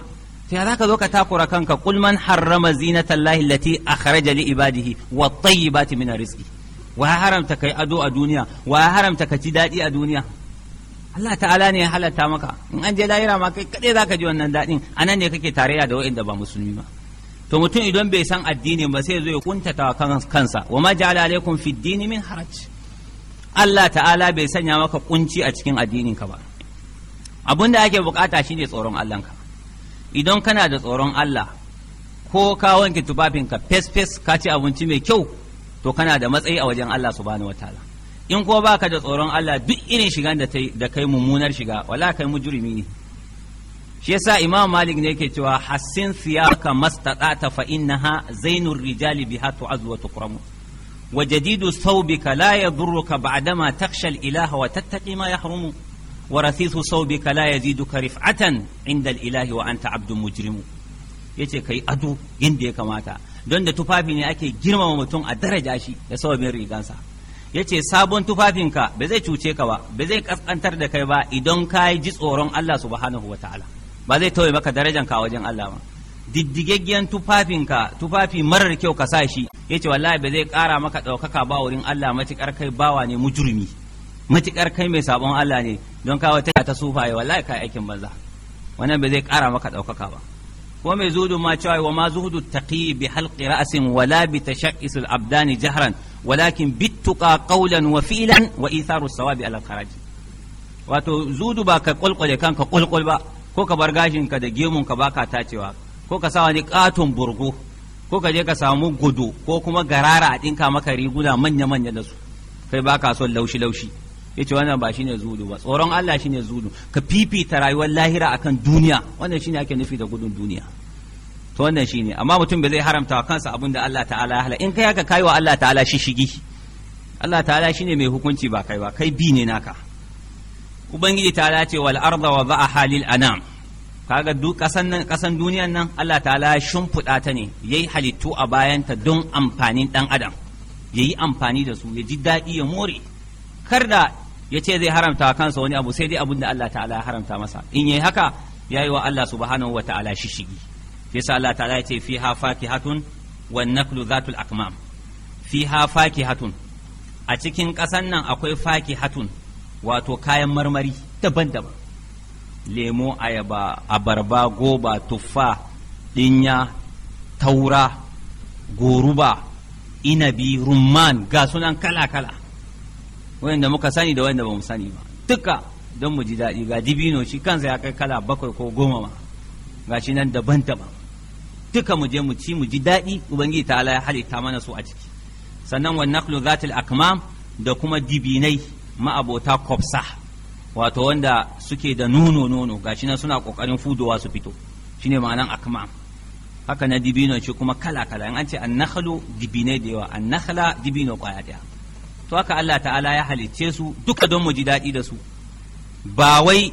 to za ka zo ka takura kanka qul man harrama zinatallahi allati akhraja li ibadihi wat tayyibati min rizqi wa haramta kai ado a duniya wa haramta ka ci dadi a duniya Allah ta'ala ne ya halatta maka in an je lahira ma kai kadai zaka ji wannan dadin anan ne kake tarayya da wa'inda ba musulmi ba to mutum idan bai san addini ba sai zo ya kuntata kansa wa ma ja'ala alaikum fid dini min haraj Allah ta'ala bai sanya maka kunci a cikin addinin ka ba abinda da ake bukata shine tsoron Allahnka idan kana da tsoron Allah ko ka wanke tufafinka fes fes ka ci abinci mai kyau to kana da matsayi a wajen Allah subhanahu wataala in ko baka da tsoron Allah duk irin shigan da da kai mummunar shiga wala kai mujrimi ne shi yasa Imam Malik ne yake cewa hassin siyaka mastata'ta fa innaha zainur rijali biha tu'azzu wa tukramu وجديد ثوبك لا يضرك بعدما تخشى الإله وتتقي ما يحرمه ورثيث صوبك لا يزيدك رفعة عند الإله وأنت عبد مجرم yace kai ado yadda ya kamata don da tufafi ne ake girmama mutum a daraja shi da sababin rigansa yace sabon tufafinka ka zai cuce ka ba Bai zai kaskantar da kai ba idan ka ji tsoron Allah subhanahu wa ta'ala ba zai tauye maka darajanka a wajen Allah ba diddigaggen tufafinka tufafi marar kyau ka sa shi yace wallahi ba zai kara maka ɗaukaka ba wurin Allah matukar kai bawa ne mujrimi matukar kai mai sabon Allah ne don kawo ta ta sufaye wallahi kai aikin banza wannan ba zai kara maka daukaka ba ko mai zuhudu ma cewa wa ma zuhudu taqi bi halqi ra'sin wala bi tashaqqis al abdan jahran walakin bittuqa qawlan wa fi'lan wa itharu sawabi al kharaj wato zudu ba ka kulkule kanka kulkul ba ko ka bar gashin ka da gemun ka baka tacewa ko ka sa wani katon burgo ko ka je ka samu gudu ko kuma garara a dinka maka riguna manya manya da su kai baka son laushi laushi yace wannan ba shine zuhudu ba tsoron Allah shine zuhudu ka fifita rayuwar lahira akan duniya wannan shine ake nufi da gudun duniya to wannan shine amma mutum bai zai haramta wa kansa abin da Allah ta'ala ya hala in kai haka kai wa Allah ta'ala shishigi Allah ta'ala shine mai hukunci ba kai ba kai bi ne naka ubangiji ta'ala ce wal arda wa za'a halil anam kaga duk kasan nan kasan duniyan nan Allah ta'ala shimfiɗa ta ne yayi halittu a bayanta don amfanin dan adam yayi amfani da su ya ji daɗi ya more kar da ya ce zai haramta kansa wani abu sai dai abin da Allah ta'ala ya haramta masa in yi haka ya yi wa Allah subhanahu Ta'ala shishigi yasa Allah ta'ala ya ce fiha fakihatun wan naklu zatul akmam fiha fakihatun a cikin ƙasan nan akwai faki-hatun wato kayan marmari daban-daban lemo ayaba abarba goba tuffa dinya taura goruba inabi rumman ga sunan kala-kala wanda muka sani da wayanda ba mu sani ba duka don mu ji daɗi ga dibino shi kansa ya kai kala bakwai ko goma ma ga shi nan daban daban duka mu je mu ci mu ji daɗi ubangiji ta ya halitta mana su a ciki sannan wa naklu zatil akmam da kuma dibinai ma'abota kofsa wato wanda suke da nono nono ga shi nan suna kokarin fudowa su fito shine ma'anan akmam haka na dibino shi kuma kala kala in an ce an dibinai da yawa an dibino kwaya daya to haka Allah ta'ala ya halicce su duka don mu ji daɗi da su ba wai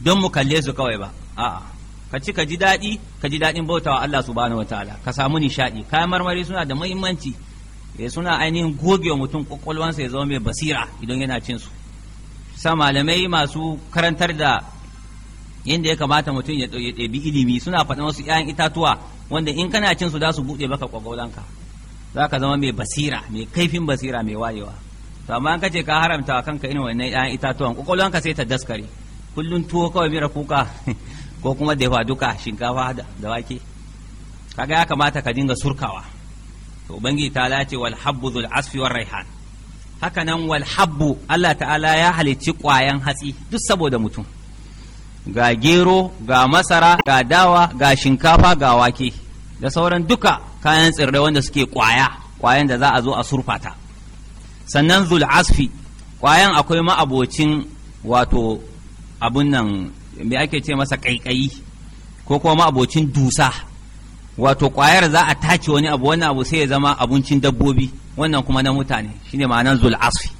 don mu kalle su kawai ba a'a ka ci ka ji daɗi ka ji daɗin bautawa Allah subhanahu wataala ka samu nishaɗi kayan marmari suna da muhimmanci eh, suna ainihin goge wa mutum kwakwalwansa ya zama mai basira idan yana cin su sa malamai masu karantar da yadda ya kamata mutum ya ɗabi ilimi suna faɗa wasu 'ya'yan itatuwa wanda in kana cin su za su buɗe maka kwakwalwanka za ka zama mai basira mai kaifin basira mai wayewa to amma kace ka haramta kanka irin wannan ƴaƴan itatuwan ka sai ta daskare kullun tuwo kawai mira kuka ko kuma dafa duka shinkafa da wake kaga ya kamata ka dinga surkawa to ubangiji ta lace wal habbu dhul asfi war raihan haka nan wal habbu Allah ta'ala ya halicci ƙwayan hatsi duk saboda mutum ga gero ga masara ga dawa ga shinkafa ga wake da sauran duka kayan tsirrai wanda suke ƙwaya ƙwayan da za a zo a surfata sannan zul asfi ƙwayan akwai ma'abocin wato abun nan me ake ce masa ƙaiƙayi ko kuma ma'abocin dusa wato ƙwayar za a tace wani abu wannan abu sai ya zama abincin dabbobi wannan kuma na mutane shine ma'anan zul asfi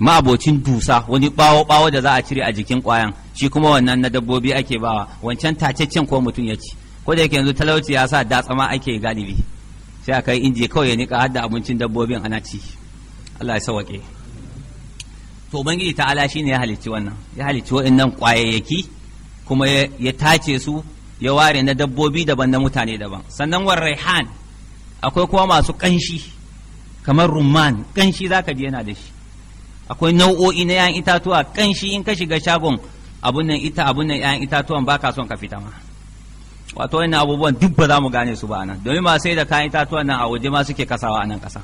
ma'abocin dusa wani bawo bawo da za a cire a jikin ƙwayan shi kuma wannan na dabbobi ake bawa wancan tacecen ko mutum ya ci ko da yake yanzu talauci ya sa datsama ake galibi sai a kai inji kawai ya niƙa har da abincin dabbobin ana ci Allah ya sawake to ubangiji ala shine ya halicci wannan ya halicci waɗannan kwayayyaki kuma ya tace su ya ware na dabbobi daban na mutane daban sannan war raihan akwai kuma masu kanshi kamar rumman kanshi zaka ji yana da shi akwai nau'o'i na 'ya'yan itatuwa kanshi in ka shiga shagon abun nan ita abun nan 'ya'yan itatuwan baka son ka fita ma wato wannan abubuwan duk ba za mu gane su ba nan domin ma sai da kayan itatuwan nan a waje ma suke kasawa a nan kasa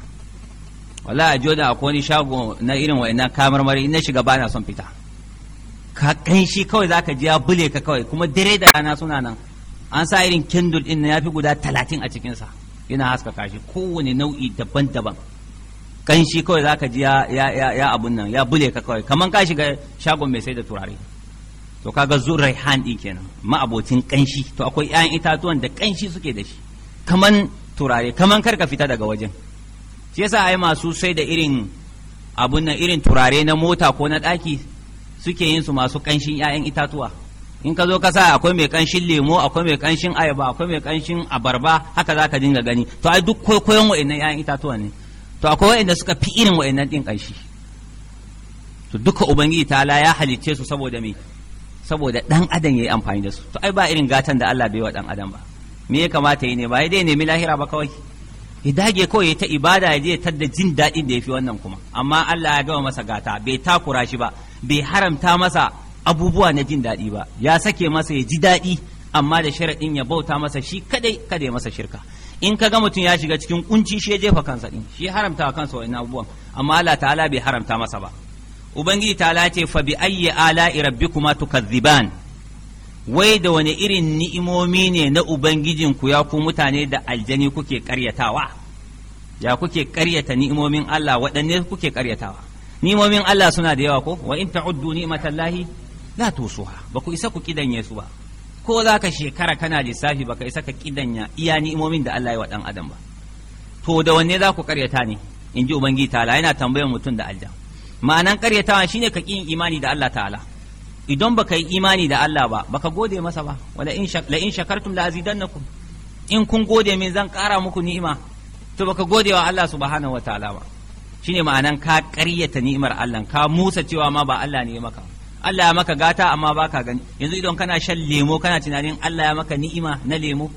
wala a joda a wani shago na irin wa'ina kamar marmari na shiga bana son fita ka kanshi shi kawai ka ji ya bule ka kawai kuma dare da rana suna nan an sa irin kindle din ya fi guda talatin a cikinsa yana haska kashi kowane nau'i daban-daban kan shi kawai ka ji ya ya abun nan ya bule ka kawai kaman ka shiga shagon mai sai da turare to kaga ga raihan din kenan ma'abocin kanshi to akwai 'ya'yan itatuwan da kanshi suke da shi kaman turare kamar kar ka fita daga wajen shi yasa ai masu sai da irin abun nan irin turare na mota ko na ɗaki suke yin su masu ƙanshin 'ya'yan itatuwa in ka zo ka sa akwai mai ƙanshin lemo akwai mai ƙanshin ayaba akwai mai ƙanshin abarba haka za ka dinga gani to ai duk koyon wa'annan 'ya'yan itatuwa ne to akwai wa'anda suka fi irin wa'annan ɗin ƙanshi to duka ubangiji ta la ya halicce su saboda me saboda ɗan adam ya yi amfani da su to ai ba irin gatan da Allah bai wa ɗan adam ba me ya kamata yi ne ba ya dai nemi lahira ba kawai ya dage kawai ya ta ibada ya je da jin daɗin da ya fi wannan kuma amma Allah ya gama masa gata bai takura shi ba bai haramta masa abubuwa na jin daɗi ba ya sake masa ya ji daɗi amma da sharaɗin ya bauta masa shi kadai kada ya masa shirka in ka ga mutum ya shiga cikin kunci shi ya jefa kansa din shi ya haramta wa kansa wa'annan abubuwan amma Allah ta'ala bai haramta masa ba ubangiji ta'ala ce fa bi ayyi ala'i rabbikuma tukazziban wai da wani irin ni'imomi ne na ubangijinku ya ku mutane da aljani kuke karyatawa ya kuke karyata ni'imomin Allah waɗanne kuke karyatawa ni'imomin Allah suna da yawa ko wa in ta'uddu ni'matallahi la tusuha ba ku isa ku kidanye su ba ko za ka shekara kana lissafi ka isa ka kidanya iya ni'imomin da Allah ya wa adam ba to da wanne za ku ƙaryata ne in ji ubangiji ta'ala yana tambayar mutum da aljan ma'anan ƙaryatawa shine ka kin imani da Allah ta'ala idan baka yi imani da Allah ba baka gode masa ba wala in la in shakartum la azidannakum in kun gode min zan ƙara muku ni'ima to baka gode wa Allah subhanahu wataala ba shine ma'anan ka ƙaryata ni'imar Allah ka musa cewa ma ba Allah ne maka Allah ya maka gata amma baka gani yanzu idan kana shan lemo kana tunanin Allah ya maka ni'ima na lemo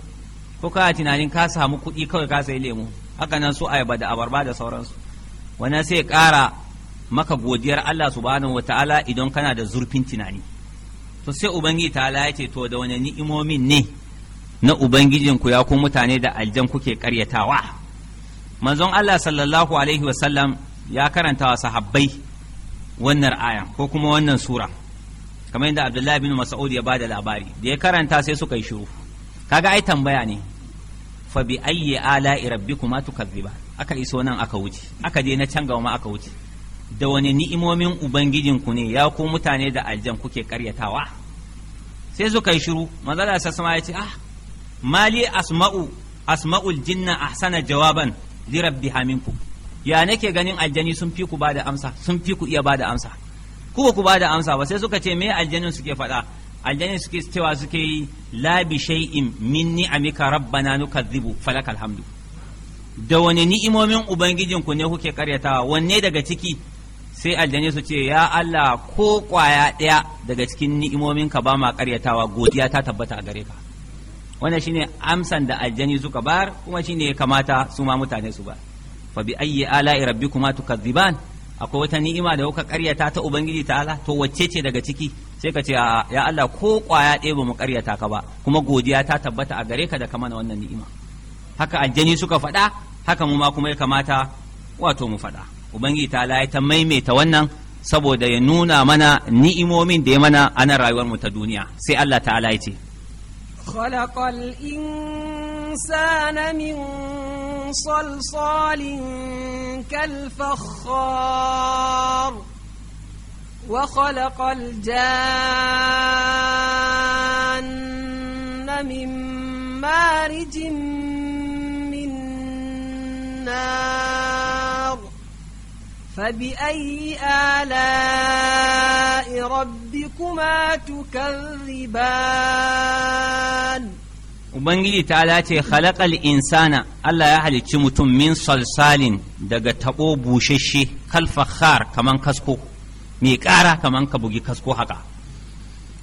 ko kana tunanin ka samu kuɗi kawai ka sayi lemo haka nan su ayaba da abarba da sauransu wannan sai ƙara maka godiyar Allah subhanahu wataala idan kana da zurfin tunani to sai ubangiji ta ya ce to da wani ni'imomin ne na ubangijin ku ya ku mutane da aljan kuke karyatawa manzon Allah sallallahu alaihi wasallam ya karanta wa sahabbai wannan aya ko kuma wannan sura kamar yadda Abdullahi bin Mas'ud ya bada labari da ya karanta sai suka yi shiru kaga ai tambaya ne fa bi ayyi ala'i rabbikuma tukazziba aka iso nan aka wuce aka je na can gaba aka wuce da wani ni'imomin ubangijinku ne ya ku mutane da aljan kuke karyatawa sai suka yi shiru manzala sassama ya ce ah mali asma'u asma'ul jinna ahsana jawaban li rabbiha minkum ya nake ganin aljani sun fi ku bada amsa sun fi ku iya bada amsa ku ku bada amsa ba sai suka ce me aljanin suke faɗa aljanin suke cewa suke yi la bi shay'in min ni'amika rabbana nukadzibu falakal hamdu da wani ni'imomin ubangijinku ne kuke karyatawa wanne daga ciki sai aljane su ce ya Allah ko kwaya ɗaya daga cikin ni'imomin ka ba ma ƙaryatawa godiya ta tabbata a gare ka wannan shine amsan da aljani suka bar kuma shine ya kamata su ma mutane su ba fa bi ayyi ala'i rabbikuma tukadziban akwai wata ni'ima da kuka ƙaryata ta ubangiji Allah to wacce ce daga ciki sai ka ce ya Allah ko kwaya ɗaya ba mu ƙaryata ka ba kuma godiya ta tabbata a gare ka da kamar wannan ni'ima haka aljani suka faɗa haka mu ma kuma ya kamata wato mu faɗa ubangiji ta ala ta maimaita wannan saboda ya nuna mana ni'imomin da ya mana ana rayuwar mu ta duniya sai Allah ta'ala ya ce خلق الإنسان من صلصال كالفخار وخلق الجان من مارج من نار فبأي آلاء ربكما تكذبان Ubangiji ta lace khalaqal insana Allah ya halicci mutum min salsalin daga taɓo bushashe kalfahar kaman kasko mai ƙara kaman ka bugi kasko haka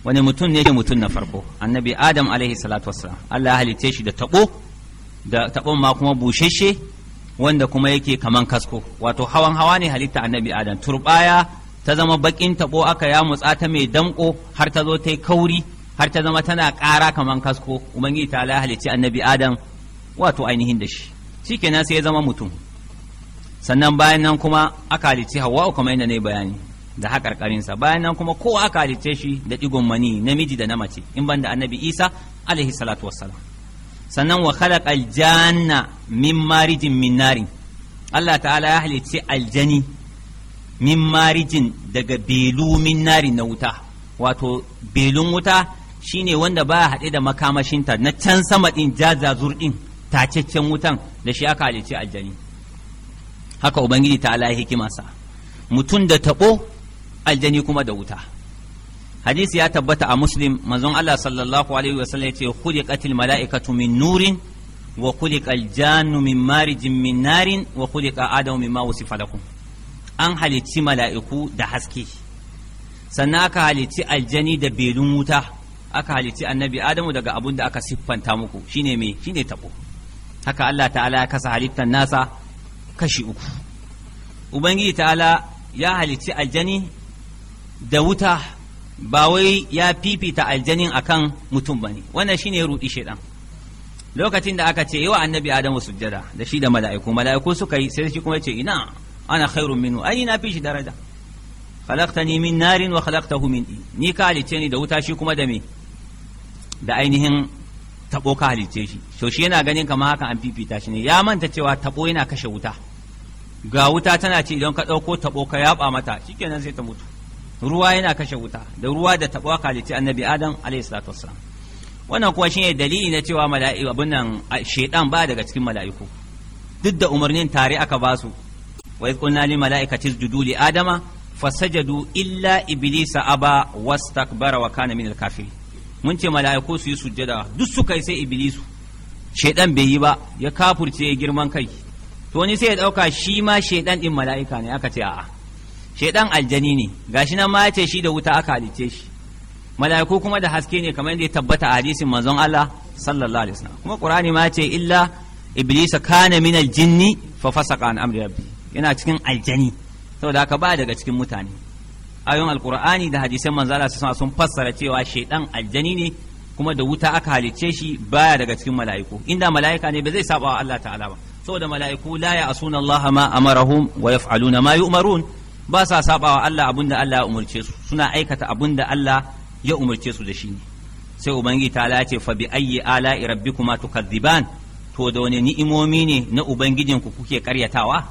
wani mutum ne mutum na farko annabi adam alaihi salatu wassalam Allah ya halicce shi da taɓo da taɓon ma kuma bushashe wanda kuma yake kaman kasko wato hawan hawa ne halitta annabi adam turbaya ta zama bakin tabo aka ya mutsa ta mai damko har ta zo ta yi kauri har ta zama tana kara kaman kasko ubangiji ta la halicci annabi adam wato ainihin da shi shikenan sai ya zama mutum sannan bayan nan kuma aka halicci hawa kamar yadda na bayani da haƙarƙarinsa bayan nan kuma kowa aka halicce shi da digon mani namiji da na mace in banda annabi isa alaihi salatu wassalam sannan wa khalaqa aljanna min marijin min narin Allah ta'ala ya halicci aljani min marijin daga belu min narin na wuta wato belun wuta shine wanda baya haɗe da makamashinta na can sama ɗin jazazur ɗin tacaccen wutan da shi aka halicci aljani haka ubangiji ta'ala ya hikimarsa mutum da taɓo aljani kuma da wuta hadisi ya tabbata a muslim manzon Allah sallallahu alaihi wa sallam yace khuliqatil mala'ikatu min nurin wa khuliqal jannu min marijin min narin wa khuliqa adamu mimma wasifa lakum an halicci mala'iku da haske sannan aka halicci aljani da belun wuta aka halicci annabi adamu daga abun da aka siffanta muku shine me shine tabo haka Allah ta'ala ya kasa halittar nasa kashi uku ubangiji ta'ala ya halicci aljani da wuta ba wai ya fifita aljanin akan mutum ne wannan shine ruɗi shedan lokacin da aka ce yawa annabi adamu sujada da shi da mala'iku mala'iku suka yi sai shi kuma ce ina ana khairun minhu ai na fi shi daraja khalaqtani min narin wa khalaqtahu min din ni ka halice ni da wuta shi kuma da me da ainihin tabo ka halice shi to shi yana ganin kamar haka an fifita shi ne ya manta cewa tabo yana kashe wuta ga wuta tana ce idan ka ɗauko tabo ka yaba mata shikenan sai ta mutu ruwa yana kashe wuta da ruwa da taɓa kalici annabi adam alayhi salatu wassalam wannan kuwa shine dalili na cewa mala'iku abin nan shedan ba daga cikin mala'iku duk da umarnin tare aka ba su wa iz qulna lil mala'ikati isjudu li adama fasajadu illa iblisa aba wastakbara wa kana min al mun ce mala'iku su yi sujjada duk suka yi sai iblisu Shaiɗan bai yi ba ya kafurce girman kai to ni sai ya dauka shi ma shaiɗan din mala'ika ne aka ce a'a shedan aljani ne gashi nan ma shi da wuta aka halice shi mala'iku kuma da haske ne kamar yadda ya tabbata a hadisin manzon Allah sallallahu alaihi wasallam kuma qur'ani ma yace illa iblisa kana min aljinni fa fasaqa an amri rabbi yana cikin aljani saboda haka ba daga cikin mutane ayon alqur'ani da hadisan manzon Allah sun fassara cewa shedan aljani ne kuma da wuta aka halicce shi baya daga cikin mala'iku inda mala'ika ne ba zai saba wa Allah ta'ala ba saboda mala'iku la ya asuna Allah ma amarahum wa yaf'aluna ma yu'marun ba sa sabawa Allah da Allah ya umarce su suna aikata da Allah ya umarce su da shi ne sai ubangiji ta ce fa bi ayyi ala'i rabbikuma tukadziban to da wani ni'imomi ne na ubangijinku kuke karyatawa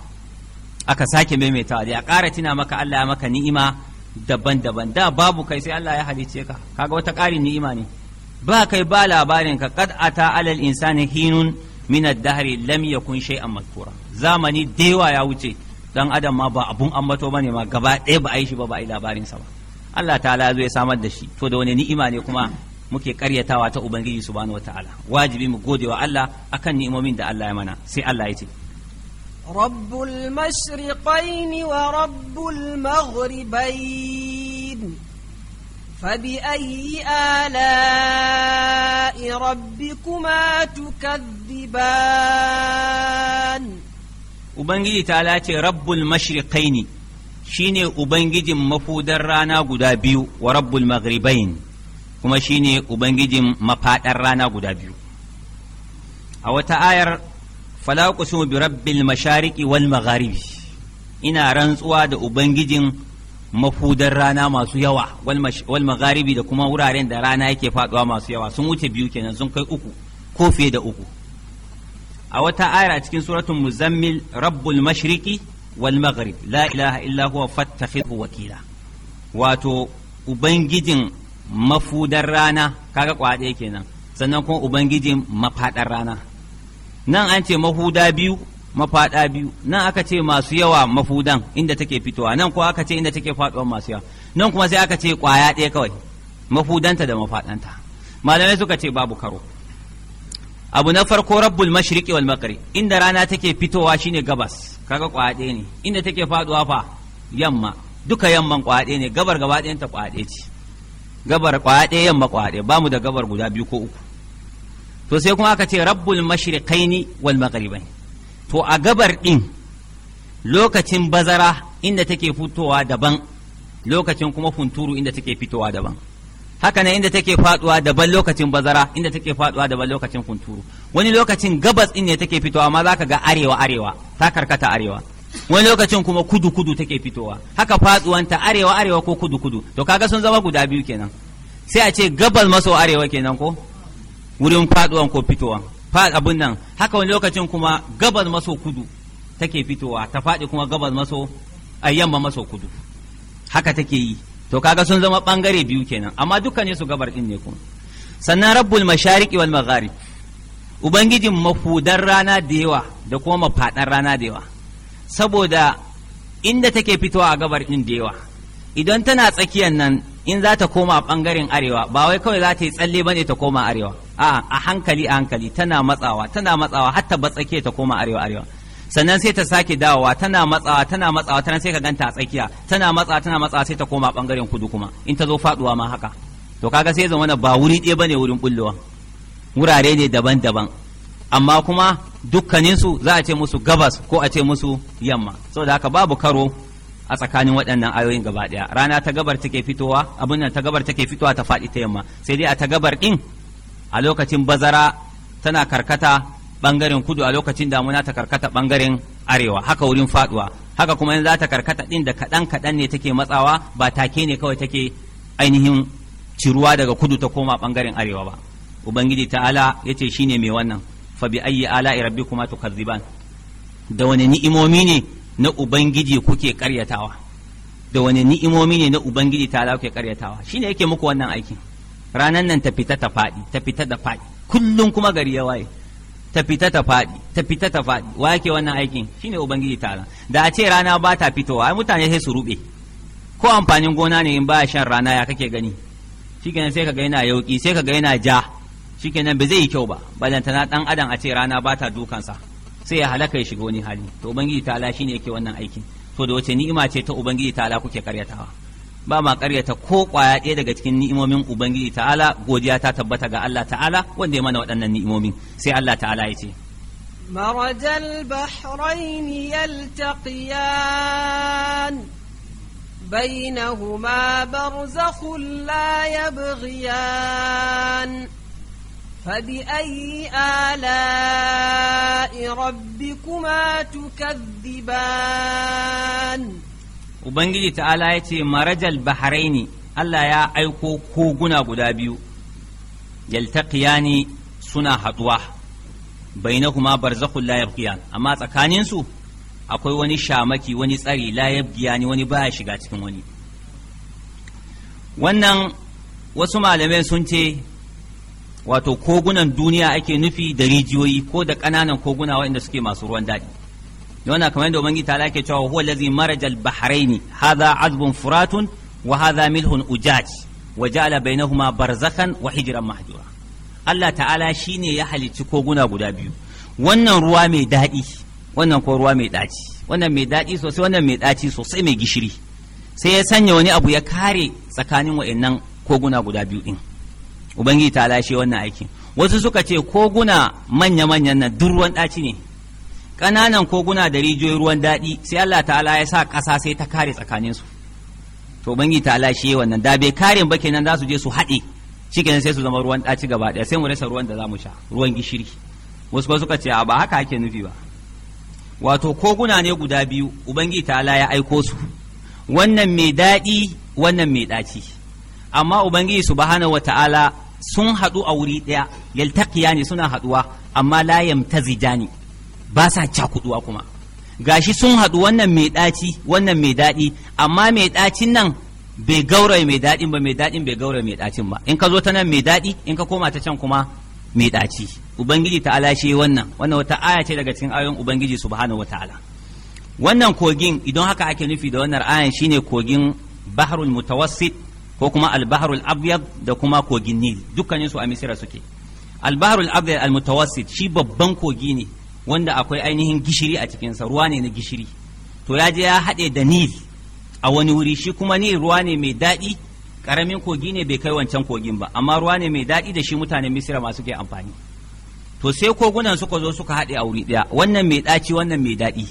aka sake maimaitawa da ya ƙara tuna maka Allah ya maka ni'ima daban-daban da babu kai sai Allah ya halice ka kaga wata ƙarin ni'ima ne ba kai ba labarin ka qad ata alal insani hinun min ad-dahr lam yakun shay'an madkura zamani Dewa ya wuce dan adam ma ba abun ambato ne ma gaba ɗaya ba a yi shi ba ba a yi labarinsa ba Allah ta'ala zo ya samar da shi to da wani ni'ima ne kuma muke karyatawa ta ubangiji subhanahu wataala wajibi mu gode wa Allah akan ni'imomin da Allah ya mana sai Allah ya ce Rabbul رب wa rabbul المغربين فبأي آلاء ربكما تكذبان ubangiji ta lace rabbul shi shine ubangijin mafudar rana guda biyu wa rabbul maghribain kuma shine ubangijin mafadar rana guda biyu a wata ayar fala sun bi rabbil mashariki wal magharibi ina rantsuwa da ubangijin mafudar rana masu yawa wal magharibi da kuma wuraren da rana yake faɗuwa masu yawa sun wuce biyu kenan sun kai uku ko fiye da uku a wata ayar a cikin suratun muzammil rabbul mashriqi wal maghrib la ilaha illa huwa fattakhidhu wakila wato ubangijin mafudar rana kaga kwade kenan sannan kuma ubangijin mafadar rana nan an ce mahuda biyu mafada biyu nan aka ce masu yawa mafudan inda take fitowa nan kuma aka ce inda take faduwa masu yawa nan kuma sai aka ce kwaya ɗaya kawai mafudanta da mafadanta malamai suka ce babu karo abu na farko rabbul mashriqi wal maghrib inda rana take fitowa shine gabas kaga kwaɗe ne inda take faduwa fa yamma duka yamman kwaɗe ne gabar gaba ta kwaɗe ce gabar kwaɗe yamma kwaɗe bamu da gabar guda biyu ko uku to sai kuma aka ce rabbul mashriqaini wal maghribain to a gabar din lokacin bazara inda take fitowa daban lokacin kuma funturu inda take fitowa daban haka nan inda take faduwa daban lokacin bazara inda take faduwa daban lokacin kunturu wani lokacin gabas din ne take fitowa amma zaka ga arewa arewa ta karkata arewa wani lokacin kuma kudu kudu take fitowa haka faduwanta arewa arewa ko kudu kudu to kaga sun zama guda biyu kenan sai a ce gabas maso arewa kenan ko wurin faduwan ko fitowa fa abun nan haka wani lokacin kuma gabas maso kudu take fitowa ta faɗi kuma gabas maso a yamma maso kudu haka take yi to kaga sun zama bangare biyu kenan amma dukkanin su gabar din ne kuma sannan rabbul mashariqi wal magharib ubangijin mafudan rana da yawa da kuma mafadan rana da yawa saboda inda take fitowa a gabar din da yawa idan tana tsakiyar nan in za ta koma a bangaren arewa ba wai kawai za ta yi tsalle bane ta koma arewa a a hankali a hankali tana matsawa tana matsawa hatta ba tsakiya ta koma arewa arewa sannan sai ta sake dawowa tana matsawa tana matsawa tana sai ka ganta a tsakiya tana matsawa tana matsawa sai ta koma bangaren kudu kuma in ta zo faduwa ma haka to kaga sai zama ba wuri ɗaya bane wurin bullowa wurare ne daban-daban amma kuma dukkaninsu za a ce musu gabas ko a ce musu yamma saboda haka babu karo a tsakanin waɗannan ayoyin gaba ɗaya rana ta gabar take fitowa abin nan ta gabar take fitowa ta faɗi ta yamma sai dai a ta gabar ɗin a lokacin bazara tana karkata bangaren kudu a lokacin damuna ta karkata bangaren arewa haka wurin faduwa haka kuma yanzu za ta karkata din da kaɗan kaɗan ne take matsawa ba take ne kawai take ainihin ciruwa daga kudu ta koma bangaren arewa ba ubangiji ta'ala yace shine mai wannan fa bi ayyi kuma rabbikuma tukazziban da wani ni'imomi ne na ubangiji kuke karyatawa da wani ni'imomi ne na ubangiji ta'ala kuke karyatawa shine yake muku wannan aikin ranan nan ta fita ta faɗi ta fita da faɗi kullum kuma gari ya waye ta fita ta faɗi ta ta faɗi wa yake wannan aikin shine ubangiji ta'ala da a ce rana ba ta fitowa ai mutane sai su rube ko amfanin gona ne in baya shan rana ya kake gani shikenan sai kaga yana yauki sai kaga yana ja shikenan ba zai yi kyau ba balantana dan adam a ce rana ba ta dukansa sai ya halaka ya shiga wani hali to ubangiji ta'ala shine yake wannan aikin to da wace ni'ima ce ta ubangiji ta'ala kuke karyatawa ba ma ƙaryata ko ƙwaya ɗaya daga cikin ni'imomin ubangiji ta'ala godiya ta tabbata ga Allah ta'ala wanda ya mana waɗannan ni'imomin sai Allah ta'ala ya ce مرج البحرين يلتقيان بينهما برزخ لا يبغيان فبأي آلاء ربكما تكذبان ubangiji ta'ala ya ce marajal bahraini Allah ya aiko koguna guda biyu yaltaqiyani suna haduwa bainahuma barzakhul la yabqiyan amma tsakanin su akwai wani shamaki wani tsari la yabqiyani wani baya shiga cikin wani wannan wasu malamai sun ce wato kogunan duniya ake nufi da rijiyoyi ko da ƙananan koguna waɗanda suke masu ruwan daɗi wannan kamar yadda ubangiji ta ke cewa huwa allazi marajal bahraini hadha azbun furatun wa hadha milhun ujaj wa ja'ala bainahuma barzakhan wa hijran mahjura Allah ta'ala shine ya halicci koguna guda biyu wannan ruwa mai daɗi wannan ko ruwa mai ɗaci wannan mai daɗi sosai wannan mai ɗaci sosai mai gishiri sai ya sanya wani abu ya kare tsakanin wa'annan koguna guda biyu din ubangiji ta lashe wannan aikin wasu suka ce koguna manya-manyan na ruwan ɗaci ne ƙananan koguna da rijiyoyin ruwan daɗi sai Allah ta'ala ya sa ƙasa sai ta kare tsakanin su to bangi ta'ala shi wannan da bai kare ba kenan za su je su haɗe shikenan sai su zama ruwan ɗaci gaba ɗaya sai mu rasa ruwan da za mu sha ruwan gishiri wasu kuma suka ce a ba haka ake nufi ba wato koguna ne guda biyu ubangiji ta'ala ya aiko su wannan mai daɗi wannan mai ɗaci amma ubangiji subhanahu wata'ala sun haɗu a wuri ɗaya yaltaqiya ne suna haɗuwa amma la yamtazijani ba sa cakuduwa kuma gashi sun haɗu wannan mai ɗaci wannan mai daɗi amma mai ɗacin nan bai gauraye mai daɗin ba mai daɗin bai gauraye mai ɗacin ba in ka zo ta nan mai daɗi in ka koma ta can kuma mai ɗaci ubangiji ta ala wannan wannan wata aya ce daga cikin ayoyin ubangiji subhanahu wataala wannan kogin idan haka ake nufi da wannan ayan shine kogin bahrul mutawassit ko kuma al abyad da kuma kogin nil dukkanin su a misira suke al abyad al-mutawassit shi babban kogi ne wanda akwai ainihin gishiri a cikinsa ruwa ne na gishiri to ya je ya haɗe da nil a wani wuri shi kuma nil ruwa ne mai daɗi ƙaramin kogi ne bai kai wancan kogin ba amma ruwa ne mai daɗi da shi mutanen misira masu ke amfani to sai kogunan suka zo suka haɗe a wuri ɗaya wannan mai ɗaci wannan mai daɗi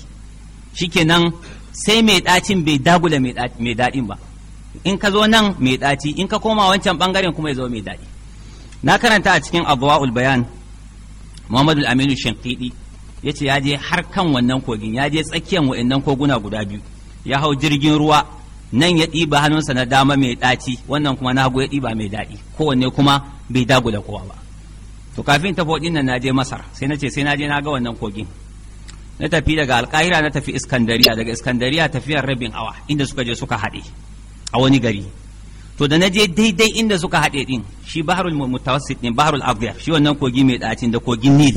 shikenan sai mai ɗacin bai dagula mai daɗin ba in ka zo nan mai ɗaci in ka koma wancan ɓangaren kuma ya zo mai daɗi na karanta a cikin abuwa bayan muhammadu aminu shinkiɗi ya ce ya je har kan wannan kogin ya je tsakiyar wa'annan koguna guda biyu ya hau jirgin ruwa nan ya ɗiba hannunsa na dama mai ɗaci wannan kuma na hagu ya ɗiba mai daɗi kowanne kuma bai da kowa ba to kafin tafi waɗin nan na je masar sai na ce sai na je na ga wannan kogin na tafi daga alƙahira na tafi iskandariya daga iskandariya tafiyar rabin awa inda suka je suka haɗe a wani gari to da na je daidai inda suka haɗe ɗin shi baharul mutawassit ne baharul abdiyar shi wannan kogi mai ɗacin da kogin nil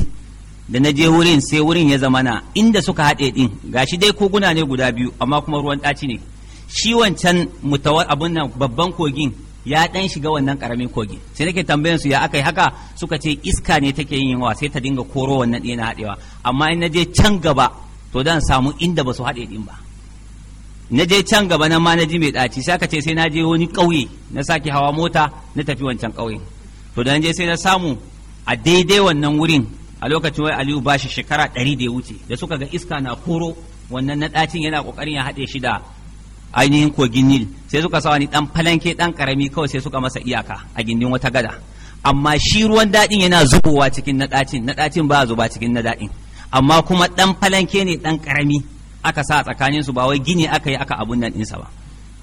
da na je wurin sai wurin ya zama na inda suka haɗe ɗin gashi dai koguna ne guda biyu amma kuma ruwan ɗaci ne shi wancan mutawar abun nan babban kogin ya ɗan shiga wannan ƙaramin kogin sai nake tambayan su ya aka yi haka suka ce iska ne take yin yawa sai ta dinga koro wannan ɗaya na haɗewa amma in na je can gaba to dan samu inda ba su haɗe ɗin ba na je can gaba nan ma na ji mai ɗaci sai aka ce sai na je wani ƙauye na sake hawa mota na tafi wancan ƙauye to da na je sai na samu a daidai wannan wurin a lokacin wai aliyu ba shi shekara ɗari da ya wuce da suka ga iska na koro wannan na ɗacin yana ƙoƙarin ya haɗe shi da ainihin kogin nil sai suka sa wani ɗan falanke ɗan ƙarami kawai sai suka masa iyaka a gindin wata gada amma shi ruwan daɗin yana zubowa cikin na ɗacin na ɗacin ba zuba cikin na daɗin amma kuma ɗan falanke ne ɗan ƙarami aka sa a tsakanin su ba wai gini aka yi aka abun nan ɗinsa ba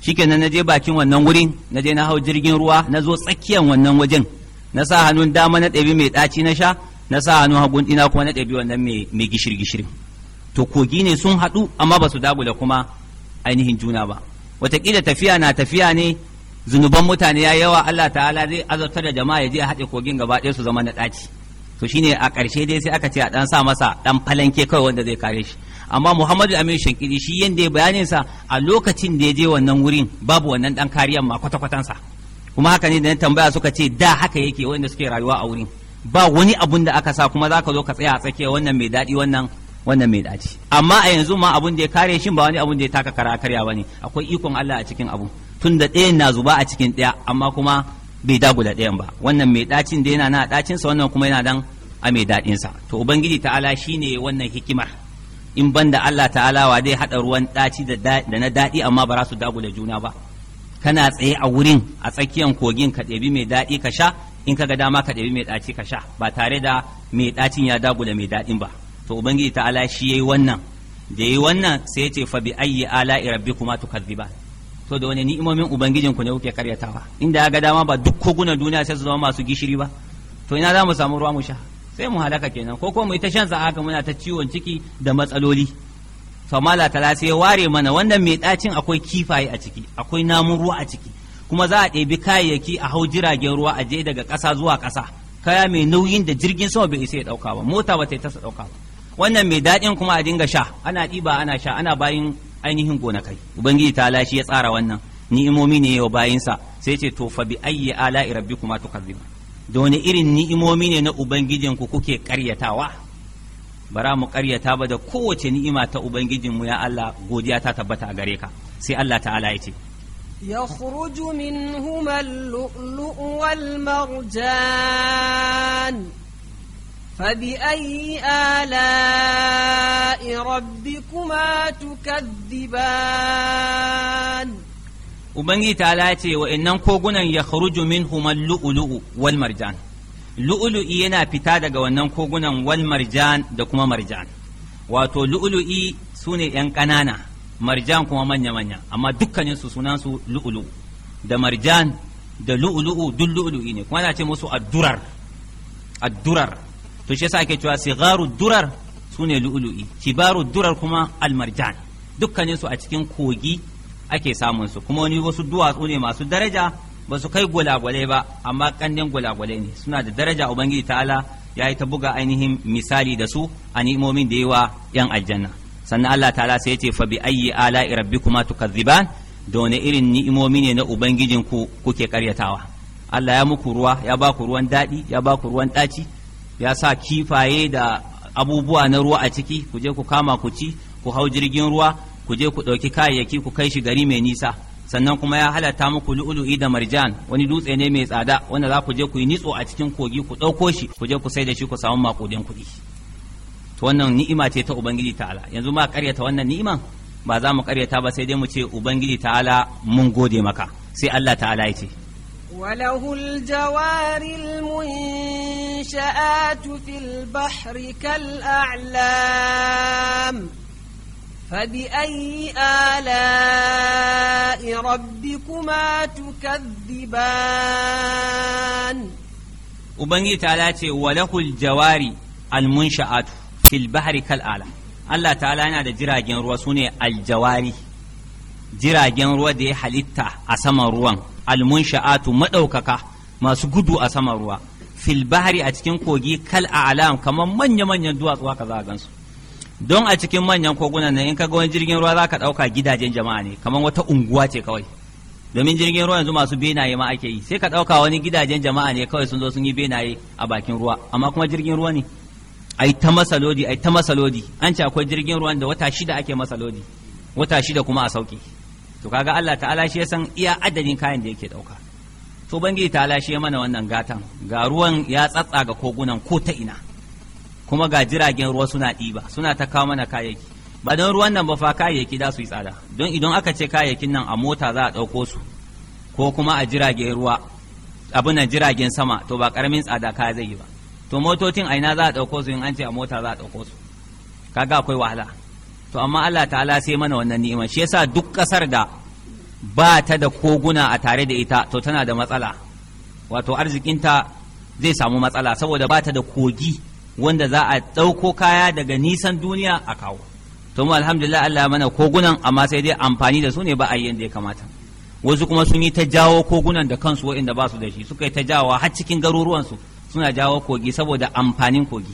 shikenan na je bakin wannan wurin na je na hau jirgin ruwa na zo tsakiyan wannan wajen na sa hannun dama na ɗabi mai ɗaci na sha na sa hannu hagun ɗina kuma na ɗabi wannan mai gishir gishir to kogi ne sun haɗu amma ba su dagula kuma ainihin juna ba wataƙila tafiya na tafiya ne zunuban mutane ya yawa Allah ta'ala zai azabtar da jama'a ya je a haɗe kogin gaba ɗaya su zama na ɗaci to shine a ƙarshe dai sai aka ce a ɗan sa masa ɗan falanke kawai wanda zai kare shi amma Muhammadu Aminu shankiri shi yadda ya bayanin sa a lokacin da ya je wannan wurin babu wannan ɗan kariyan ma kwata-kwatansa kuma haka ne da na tambaya suka ce da haka yake wanda suke rayuwa a wurin ba wani abun da aka sa kuma za ka zo ka tsaya a tsakiya wannan mai daɗi wannan wannan mai daɗi amma a yanzu ma abun da ya kare shi ba wani abun da ya taka kara karya ba ne akwai ikon Allah a cikin abu tun da ɗayan na zuba a cikin ɗaya amma kuma bai da ɗayan ba wannan mai ɗacin da yana na ɗacinsa wannan kuma yana dan a mai sa to ubangiji ta'ala shine wannan hikima in banda Allah ta'ala wa zai haɗa ruwan ɗaci da na daɗi amma ba za su da juna ba kana tsaye a wurin a tsakiyar kogin ka ɗebi mai daɗi ka sha in ka ga dama ka ɗabi mai ɗaci ka sha ba tare da mai ɗacin ya dagula mai daɗin ba to ubangiji ta ala shi yayi wannan da yayi wannan sai ya ce fa bi ayyi ala rabbikuma tukadziban to da wani ni'imomin ubangijin ku ne kuke karyatawa inda ya ga dama ba duk kogunan duniya sai su zama masu gishiri ba to ina za mu samu ruwa mu sha sai mu halaka kenan ko kuma mu ita shan sa'a haka muna ta ciwon ciki da matsaloli famala tala sai ware mana wannan mai ɗacin akwai kifaye a ciki akwai namun ruwa a ciki kuma za a ɗebi kayayyaki a hau jiragen ruwa a je daga ƙasa zuwa ƙasa kaya mai nauyin da jirgin sama bai isa ya ɗauka ba mota ba ta yi tasa ɗauka ba wannan mai daɗin kuma a dinga sha ana ɗiba ana sha ana bayin ainihin gonakai ubangiji ta lashi ya tsara wannan ni'imomi ne yau bayinsa sai ce to fa bi ayyi ala'i rabbikuma tukazziba da wani irin ni'imomi ne na ubangijinku kuke ƙaryatawa bara mu karyata ba da kowace ni'ima ta ubangijinmu ya Allah godiya ta tabbata a gare ka sai Allah ta'ala ya ce يخرج منهما اللؤلؤ والمرجان فبأي آلاء ربكما تكذبان Ubangiji ta ce wa'innan kogunan ya kharuju min human lu'ulu'u wal marjan. Lu'ulu'i yana fita daga wannan kogunan wal marjan da kuma marjan. Wato lu'ulu'i su ne ‘yan ƙanana, marjan kuma manya-manya amma dukkanin su sunan su lu'ulu da marjan da lu'ulu duk lu'ulu'i ne kuma ana ce musu addurar addurar to shi yasa ake cewa sigaru durar sune lu'ulu'i kibaru durar kuma almarjan dukkanin su a cikin kogi ake samun su kuma wani wasu duwatsu ne masu daraja ba su kai gwalagwale ba amma kandin gwalagwale ne suna da daraja ubangiji ta'ala ya yi ta buga ainihin misali da su a ni'imomin da yawa yan aljanna sannan Allah ta'ala sai ce fa bi ayyi ala rabbikuma tukadziban da wani irin ni'imomi ne na ubangijin ku kuke karyatawa Allah ya muku ruwa ya ba ku ruwan daɗi ya ba ku ruwan ɗaci ya sa kifaye da abubuwa na ruwa a ciki ku je ku kama ku ci ku hau jirgin ruwa ku je ku ɗauki kayayyaki ku kai shi gari mai nisa sannan kuma ya halatta muku lu'ulu'i da marjan wani dutse ne mai tsada wanda za ku je ku yi nitso a cikin kogi ku ɗauko shi ku je ku sai da shi ku samu makudin kuɗi to wannan ni'ima ce ta ubangiji ta'ala yanzu ma karyata wannan ni'iman ba za mu karyata ba sai dai mu ce ubangiji ta'ala mun gode maka sai Allah ta'ala ya ce وله الجوار المنشآت في البحر كالأعلام فبأي آلاء ربكما تكذبان وبنجي تعالى وله الجوار المنشآت fil bahri kal ala Allah ta'ala yana da jiragen ruwa sune aljawari jiragen ruwa da ya halitta a saman ruwan almunsha'atu madaukaka masu gudu a saman ruwa fil bahri a cikin kogi kal a'lam kamar manya-manyan duwatsu haka za a gansu don a cikin manyan kogunan nan in ka ga wani jirgin ruwa za ka ɗauka gidajen jama'a ne kamar wata unguwa ce kawai domin jirgin ruwa yanzu masu benaye ma ake yi sai ka ɗauka wani gidajen jama'a ne kawai sun zo sun yi benaye a bakin ruwa amma kuma jirgin ruwa ne ai ta masa lodi ai ta masa lodi an ce akwai jirgin ruwan da wata shida ake masa lodi wata shida kuma a sauki to kaga Allah ta'ala shi ya san iya adadin kayan da yake dauka to Bangiji ta'ala shi ya mana wannan gatan ga ruwan ya tsatsa ga kogunan ko ta ina kuma ga jiragen ruwa suna ɗiba suna ta kawo mana kayayyaki ba don ruwan nan ba fa kayayyaki da su yi tsada don idan aka ce kayayyakin nan a mota za a ɗauko su ko kuma a jiragen ruwa abin nan jiragen sama to ba karamin tsada kaya zai yi ba to motocin a ina za a ɗauko su in an ce a mota za a ɗauko su kaga akwai wahala to amma Allah ta'ala sai mana wannan ni'ima shi yasa duk ƙasar da ba ta da koguna a tare da ita to tana da matsala wato arzikinta zai samu matsala saboda ba ta da kogi wanda za a ɗauko kaya daga nisan duniya a kawo to mu alhamdulillah Allah mana kogunan amma sai dai amfani da su ne ba a yi yadda ya kamata wasu kuma sun yi ta jawo kogunan da kansu waɗanda ba su da shi suka yi ta jawo har cikin garuruwansu suna jawo kogi saboda amfanin kogi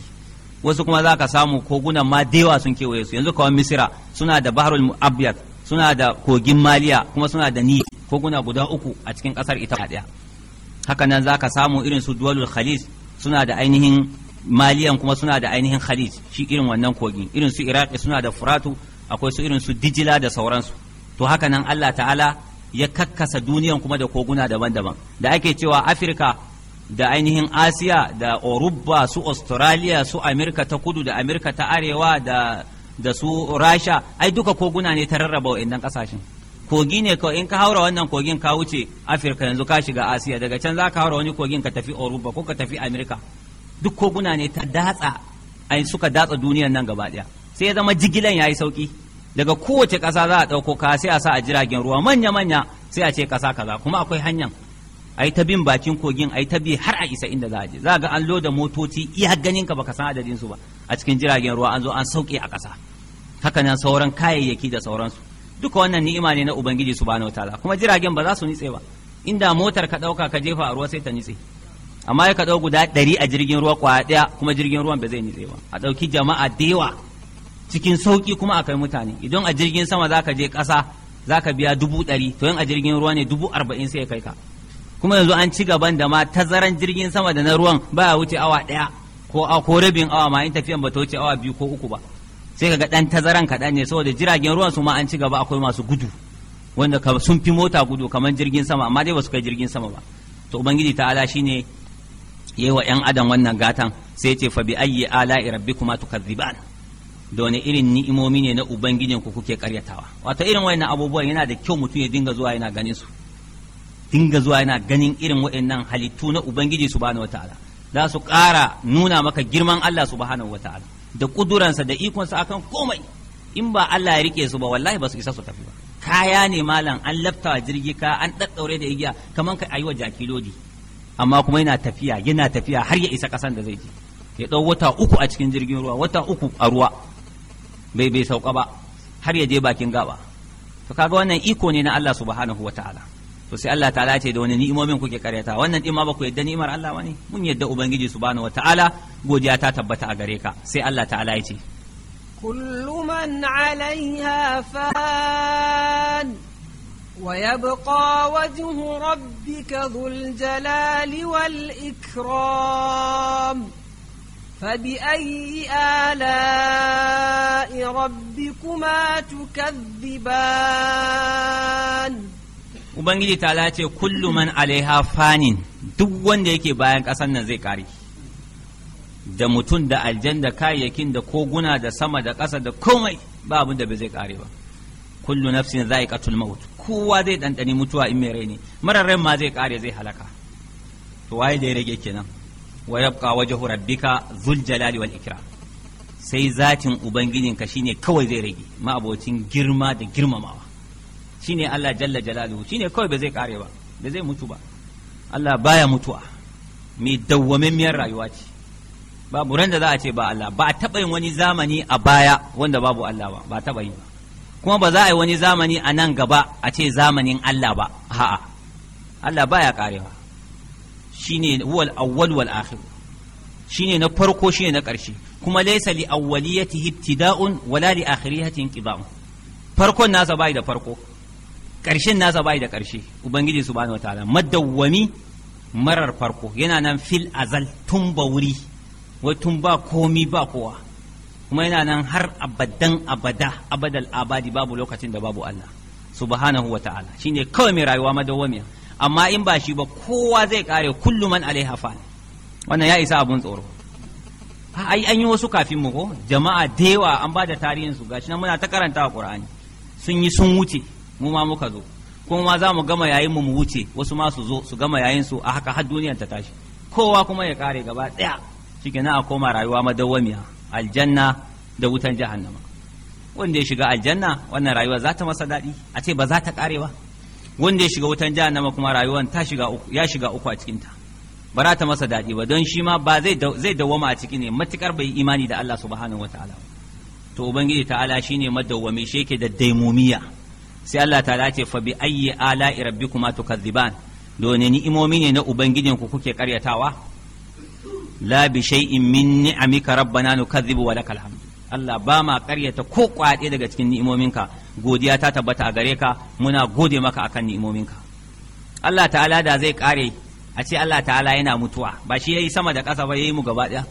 wasu kuma za ka samu kogunan ma dewa sun kewaye su yanzu kawai misira suna da baharul abyad suna da kogin maliya kuma suna da ni koguna guda uku a cikin kasar ita daya haka nan za ka samu irin su duwalul khalij suna da ainihin maliyan kuma suna da ainihin khalij shi irin wannan kogin irin su iraq suna da furatu akwai su irin su dijila da sauransu to haka nan allah ta'ala ya kakkasa duniyan kuma da koguna daban-daban da ake cewa afirka da ainihin asiya da oruba su australia su amerika ta kudu da amerika ta arewa da da su rasha ai duka koguna ne ta rarraba wa'annan kasashen kogi ne ko in ka haura wannan kogin ka wuce afirka yanzu ka shiga asiya daga can za ka haura wani kogin ka tafi oruba ko ka tafi amerika duk koguna ne ta datsa ai suka datsa duniyar nan gaba daya sai ya zama jigilan yayi sauki daga kowace kasa za a ɗauko ka sai a sa a jiragen ruwa manya manya sai a ce kasa kaza kuma akwai hanyar ai ta bin bakin kogin ai ta bi har a isa inda za a je za ga an loda motoci iya ganin ka baka san adadin su ba a cikin jiragen ruwa an zo an sauke a ƙasa haka nan sauran kayayyaki da sauransu duka wannan ni'ima ne na ubangiji subhanahu wataala kuma jiragen ba za su nitse ba inda motar ka dauka ka jefa a ruwa sai ta nitse amma ya ka dau guda ɗari a jirgin ruwa kwaya ɗaya kuma jirgin ruwan ba zai nitse ba a ɗauki jama'a da yawa cikin sauki kuma a kai mutane idan a jirgin sama za ka je ƙasa za ka biya dubu ɗari to yin a jirgin ruwa ne dubu arba'in sai ya kai ka kuma yanzu an ci gaban da ma tazaran jirgin sama da na ruwan ba a wuce awa ɗaya ko a ko rabin awa ma in tafiyan ba ta wuce awa biyu ko uku ba sai ka ga ɗan tazaran kaɗan ne saboda jiragen ruwan su ma an ci gaba akwai masu gudu wanda sun fi mota gudu kamar jirgin sama amma dai ba su kai jirgin sama ba to ubangiji ta ala shi ne yi wa yan adam wannan gatan sai ce fa bi ayyi kuma rabbikuma tukadziban da wani irin ni'imomi ne na ubangijinku kuke karyatawa wato irin wayannan abubuwan yana da kyau mutum ya dinga zuwa yana ganin su dinga zuwa yana ganin irin waɗannan halittu na ubangiji subhanahu wataala za su ƙara nuna maka girman Allah subhanahu wataala da kuduransa da ikonsa akan komai in ba Allah ya rike su ba wallahi ba su isa su tafi ba kaya ne malam an lafta jirgi ka an ɗaɗɗaure da igiya kaman ka ayi wa jakilodi amma kuma yana tafiya yana tafiya har ya isa kasan da zai je ya dau wata uku a cikin jirgin ruwa wata uku a ruwa bai bai sauka ba har ya je bakin gaba to kaga wannan iko ne na Allah subhanahu ta'ala. to sai Allah ta'ala ce da wani ni'imomin kuke kareta wannan din ma ba ku yadda ni'imar Allah wani mun yadda ubangiji subhanahu wata'ala godiya ta tabbata a gare ka sai Allah ta'ala ya ce kullu man 'alayha fan wa yabqa ويبقى وجه ربك ذو الجلال والإكرام فبأي آلاء ربكما تكذبان ubangiji ta ce kullu man alaiha fanin duk wanda yake bayan ƙasar nan zai kare. da mutum da aljan da kayayyakin da koguna da sama da ƙasa da komai ba abin da bai zai kare ba kullu nafsin za'iqatul maut kowa zai ɗanɗani mutuwa in mai rai ne marar rai ma zai kare zai halaka to waye da ya rage kenan wa yabqa wajhu rabbika zul jalali wal ikram sai zatin ubangijinka shine kawai zai rage ma abocin girma da girmamawa shine Allah jalla jalaluhu shine kawai ba zai kare ba ba zai mutu ba Allah baya mutuwa mai dawwamammiyar rayuwa ce babu ran da za a ce ba Allah ba a taɓa yin wani zamani a baya wanda babu Allah ba ba taɓa yi ba kuma ba za a yi wani zamani a nan gaba a ce zamanin Allah ba Ha'a Allah baya karewa shine huwal awwal wal akhir shine na farko shine na ƙarshe kuma laysa li awwaliyatihi ibtida'un wala li akhiriyatihi inqida'un farkon nasa bai da farko ƙarshen nasa bai da ƙarshe ubangiji subhanahu wataala madawwami marar farko yana nan fil azal tun ba wuri wai tun ba komi ba kowa kuma yana nan har abadan abada abadal abadi babu lokacin da babu Allah subhanahu ta'ala, shine kawai mai rayuwa madawwami amma in ba shi ba kowa zai kare kullu man alaiha fa'al wannan ya isa abun tsoro ai an yi wasu kafin mu ko jama'a da yawa an ba da tarihin su gashi nan muna ta karanta a qur'ani sun yi sun wuce mu ma muka zo kuma za mu gama yayin mu mu wuce wasu ma su zo su gama yayin su a haka har duniyar ta tashi kowa kuma ya kare gaba daya na a koma rayuwa madawwamiya aljanna da wutan jahannama wanda ya shiga aljanna wannan rayuwa za ta masa daɗi a ce ba za ta kare ba wanda ya shiga wutan jahannama kuma rayuwan ta shiga ya shiga uku a cikin ta ba za ta masa daɗi ba don shi ma ba zai zai dawwama a ciki ne matukar bai imani da Allah subhanahu wataala to ubangiji ta'ala shine madawwami shi yake da daimomiya sai Allah ta ce fa bi ayyi ala'i rabbikuma tukadziban dole ni'imomi ne na ku kuke karyatawa la bi shay'in min ni'amika rabbana nukadzibu wa lakal hamd Allah ba ma karyata ko kwaɗe daga cikin ni'imominka godiya ta tabbata a gare ka muna gode maka akan ni'imominka Allah ta'ala da zai kare a ce Allah ta'ala yana mutuwa ba shi yayi sama da ƙasa ba yayi mu gaba ɗaya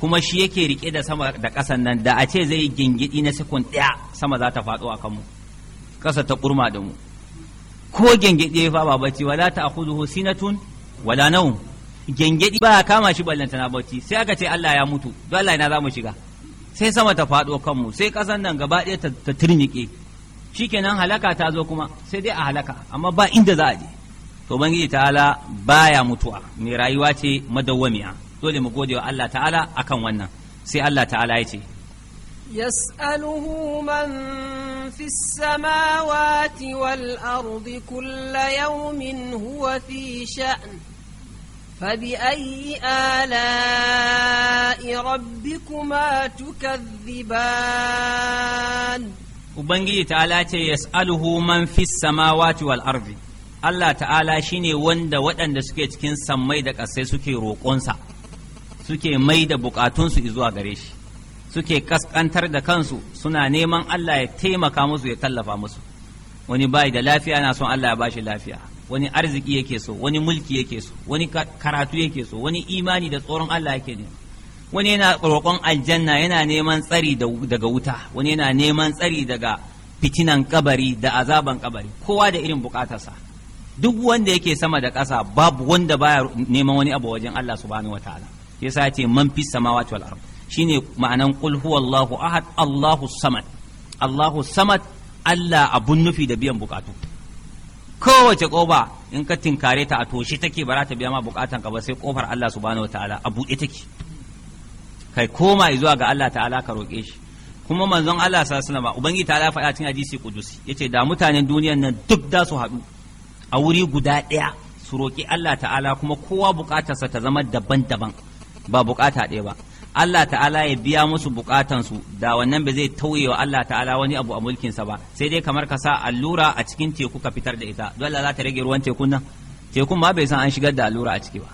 kuma shi yake rike da sama da ƙasan nan da a ce zai yi gingidi na sekund ɗaya sama za ta faɗo a kanmu ƙasa ta kurma da mu ko gengede fa ba bacci wala ta'khudhuhu sinatun wala nawm gengedi ba kama shi ballanta na bacci sai aka ce Allah ya mutu don Allah ina za mu shiga sai sama ta faɗo kanmu sai ƙasan nan gaba ɗaya ta turnike shikenan halaka ta zo kuma sai dai a halaka amma ba inda za a je to ubangiji ta'ala baya mutuwa mai rayuwa ce madawwamiya dole mu gode wa Allah ta'ala akan wannan sai Allah ta'ala ya ce يسأله من في السماوات والأرض كل يوم هو في شأن فبأي آلاء ربكما تكذبان Ubangiji ta'ala ce yas'aluhu man fis samawati wal ardi Allah ta'ala shine wanda waɗanda suke cikin sammai da ƙasai suke roƙonsa suke mai da buƙatunsu izuwa gare shi suke kaskantar da kansu suna neman Allah ya taimaka musu ya tallafa musu wani bai da lafiya na son Allah ya bashi lafiya wani arziki yake so wani mulki yake so wani karatu yake so wani imani da tsoron Allah yake ne wani yana roƙon aljanna yana neman tsari daga wuta wani yana neman tsari daga fitinan kabari da azaban kabari kowa da irin bukatarsa duk wanda yake sama da ƙasa babu wanda baya neman wani abu wajen Allah subhanahu wataala yasa ya ce man fis samawati wal ardh shine ma'anan qul huwallahu ahad Allahu samad Allahu samad Allah abun nufi da biyan bukatu kowace koba in ka tinkare ta a toshe take ba za ta biya ma bukatan ka ba sai kofar Allah subhanahu wataala a buɗe take kai koma zuwa ga Allah ta'ala ka roƙe shi kuma manzon Allah sallallahu alaihi wasallam ubangi ta'ala faɗa cikin hadisi qudusi yace da mutanen duniyan nan duk da su haɗu a wuri guda ɗaya su roƙi Allah ta'ala kuma kowa buƙatarsa ta zama daban-daban ba buƙata ɗaya ba Allah ta'ala ya biya musu bukatansu da wannan ba zai tauye wa Allah ta'ala wani abu a mulkinsa ba sai dai kamar ka sa allura a cikin teku ka fitar da ita dole za ta rage ruwan tekun nan tekun ma bai san an shigar da allura a ciki ba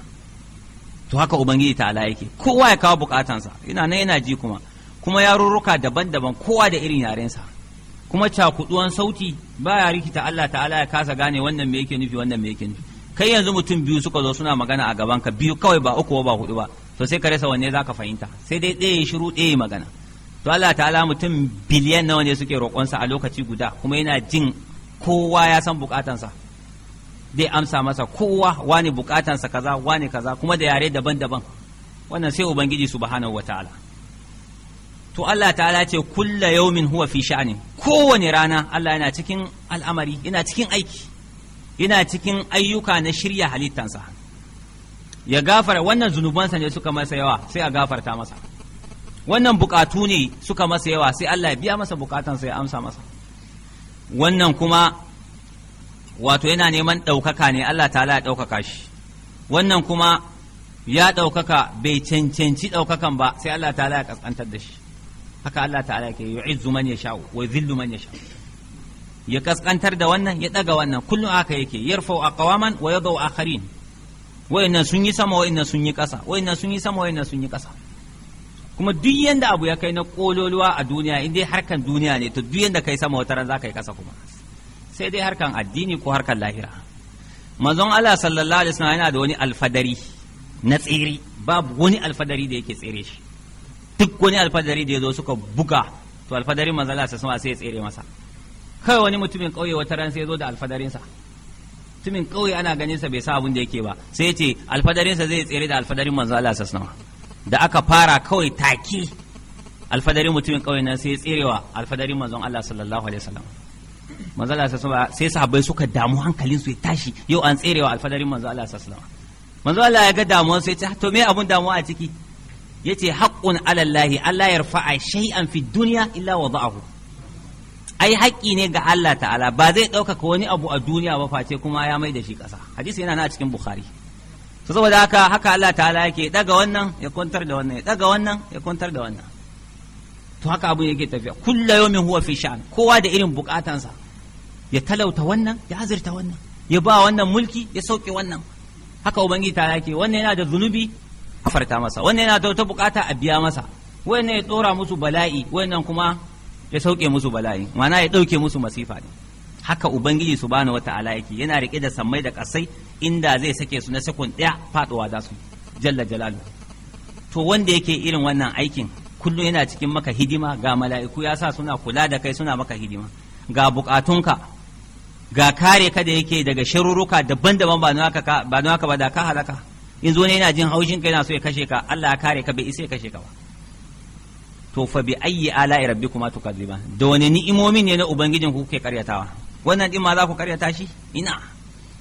to haka ubangiji ta'ala yake kowa ya kawo bukatansa ina nan yana ji kuma kuma yarurruka daban-daban kowa da irin yarensa kuma cakuduwan sauti ya rikita Allah ta'ala ya kasa gane wannan me yake nufi wannan me yake nufi kai yanzu mutum biyu suka zo suna magana a gaban ka biyu kawai ba uku ba hudu ba to sai ka rasa wanne zaka fahimta sai dai ɗaya shiru ɗaya magana to Allah ta'ala mutum biliyan nawa ne suke roƙonsa a lokaci guda kuma yana jin kowa ya san buƙatansa. dai amsa masa kowa wani buƙatansa kaza wani kaza kuma da yare daban-daban wannan sai ubangiji subhanahu ta'ala, to Allah ta'ala ce kulla yaumin huwa fi sha'anin kowane rana Allah yana cikin al'amari yana cikin aiki yana cikin ayyuka na shirya halittansa ya gafara wannan zunubansa ne suka masa yawa sai a gafarta masa wannan bukatu ne suka masa yawa sai Allah ya biya masa bukatansa ya amsa masa wannan kuma wato yana neman ɗaukaka ne Allah ta'ala ya ɗaukaka shi wannan kuma ya ɗaukaka bai cancanci ɗaukakan ba sai Allah ta'ala ya ƙasƙantar da shi haka Allah ta'ala ke yu'izzu man yasha'u wa yuzillu man ya sha'u. ya kaskantar da wannan ya ɗaga wannan kullum haka yake yarfau aqwaman wa yadau akharin na sun yi sama na sun yi ƙasa na sun yi sama na sun yi ƙasa kuma duk yanda abu ya kai na kololuwa a duniya in dai harkan duniya ne to duk yanda kai sama wata ran za ka yi ƙasa kuma sai dai harkan addini ko harkan lahira manzon Allah sallallahu alaihi wasallam yana da wani alfadari na tsere babu wani alfadari da yake tsere shi duk wani alfadari da ya zo suka buga to alfadarin manzon Allah sallallahu alaihi wasallam sai ya tsere masa kai wani mutumin kauye wata ran sai ya zo da alfadarinsa mutumin kauye ana ganin sa bai sa abin da yake ba sai ce alfadarin sa zai tsere da alfadarin manzo Allah sallallahu da aka fara kawai take alfadarin mutumin kauye nan sai tserewa alfadarin manzon Allah sallallahu alaihi wasallam manzo Allah sallallahu sai sahabbai suka damu hankalin su ya tashi yau an tserewa alfadarin manzo Allah sallallahu manzo Allah ya ga damuwar sai ya ce to me abun damuwa a ciki yace haqqun ala Allah Allah yarfa'a shay'an fi dunya illa wada'ahu ai haƙƙi ne ga Allah ta'ala ba zai ɗaukaka wani abu a duniya ba face kuma ya mai da shi ƙasa hadisi yana na cikin bukhari to saboda haka haka Allah ta'ala yake daga wannan ya kwantar da wannan ya daga wannan ya kwantar da wannan to haka abun yake tafiya kullu yawmin huwa fi sha'an kowa da irin bukatansa ya talauta wannan ya azirta wannan ya ba wannan mulki ya sauke wannan haka ubangiji ta'ala yake wannan yana da zunubi kafarta masa wannan yana da wata bukata a biya masa wannan ya tsora musu bala'i wannan kuma ya sauke musu bala'i ma'ana ya ɗauke musu masifa ne haka ubangiji su bani wata alaiki, yana riƙe da sammai da ƙasai, inda zai sake su na sakon ɗaya faɗuwa za su jalla jalalu to wanda yake irin wannan aikin kullum yana cikin maka hidima ga mala'iku ya sa suna kula da kai suna maka hidima ga buƙatunka, ga kare ka da yake daga sharuruka daban-daban ba na ba ba da ka halaka in zo ne yana jin haushin ka yana so ya kashe ka Allah ya kare ka bai isa ya kashe ka ba to fa bi ayyi ala'i rabbikuma tukadziban da wani ni'imomi ne na ubangijin ku kuke karyatawa wannan din ma za ku karyata shi ina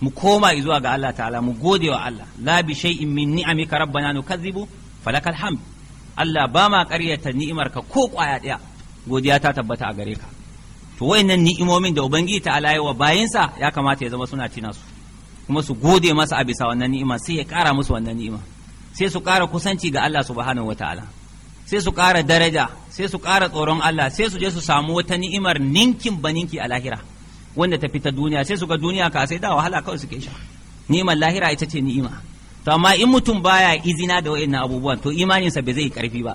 mu koma zuwa ga Allah ta'ala mu gode wa Allah la bi shay'in min ni'amika rabbana nukadzibu falakal hamd Allah ba ma karyata ni'imar ka ko kwaya daya godiya ta tabbata a gare ka to wayannan ni'imomin da ubangiji ta'ala ya wa bayinsa ya kamata ya zama suna tina su kuma su gode masa a bisa wannan ni'ima sai ya kara musu wannan ni'ima sai su kara kusanci ga Allah subhanahu wataala sai su ƙara daraja sai su ƙara tsoron Allah sai su je su samu wata ni'imar ninkin ba ninki a lahira wanda ta fita duniya sai su ga duniya ka sai da wahala kawai suke sha ni'imar lahira ita ce ni'ima to amma in mutum baya izina da wayannan abubuwan to imaninsa bai zai karfi ba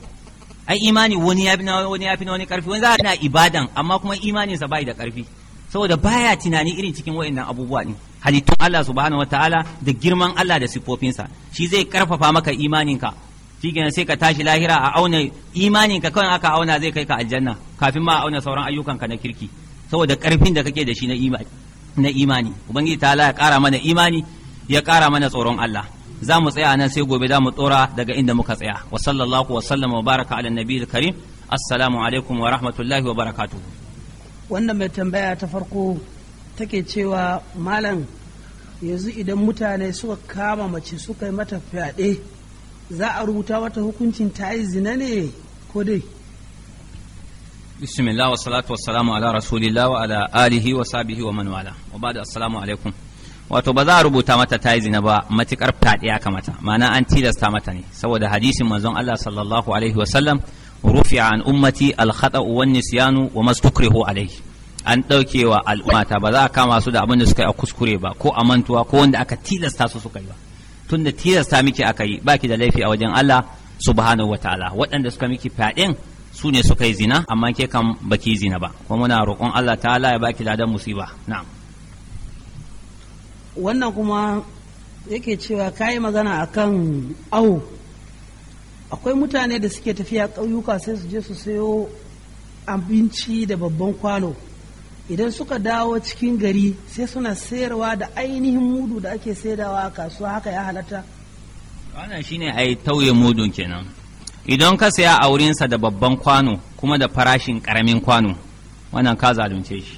ai imani wani ya fi na wani ya fi na wani karfi wani za na ibadan amma kuma imaninsa bai da karfi saboda baya tunani irin cikin wayannan abubuwa ne halittun Allah subhanahu wataala da girman Allah da sifofinsa shi zai karfafa maka imaninka shikenan sai ka tashi lahira a auna imanin ka kawai aka auna zai kai ka aljanna kafin ma a auna sauran ka na kirki saboda karfin da kake da shi na imani ubangiji ta ya kara mana imani ya kara mana tsoron Allah za mu tsaya nan sai gobe za mu tsora daga inda muka tsaya wa sallallahu wa sallama wa baraka ala nabi karim assalamu alaikum wa rahmatullahi wa barakatuh wannan mai tambaya ta farko take cewa malam yanzu idan mutane suka kama mace suka yi mata fyaɗe za a rubuta wata hukuncin ta yi zina ne ko dai bismillah wa salatu wa salamu ala rasulillah wa ala alihi wa sabihi wa man wala wa ba da assalamu alaikum wato ba za a rubuta mata ta yi zina ba matukar fadiya ka mata ma'ana an tilasta mata ne saboda hadisin manzon Allah sallallahu alaihi wa sallam rufi an ummati al khata'u wan nisyanu wa mastukrihu alaihi an ɗauke ɗaukewa al'ummata ba za a kama su da abin da suka yi a kuskure ba ko a mantuwa ko wanda aka tilasta su suka yi ba Tun da tilasta miki aka yi baki da laifi a wajen Allah subhanahu wataala waɗanda suka miki fyaɗen su ne suka yi zina amma ke kan baki zina ba kuma muna roƙon Allah ta'ala ya baki ladan musiba na'am wannan kuma yake cewa kayi magana akan awo akwai mutane da suke tafiya ƙauyuka sai su je su sayo abinci da babban kwano idan suka dawo cikin gari sai suna sayarwa da ainihin mudu da ake saidawa a kasuwa haka ya halatta wannan shine ai tauye mudun kenan idan ka saya a wurinsa da babban kwano kuma da farashin karamin kwano wannan ka zalunce shi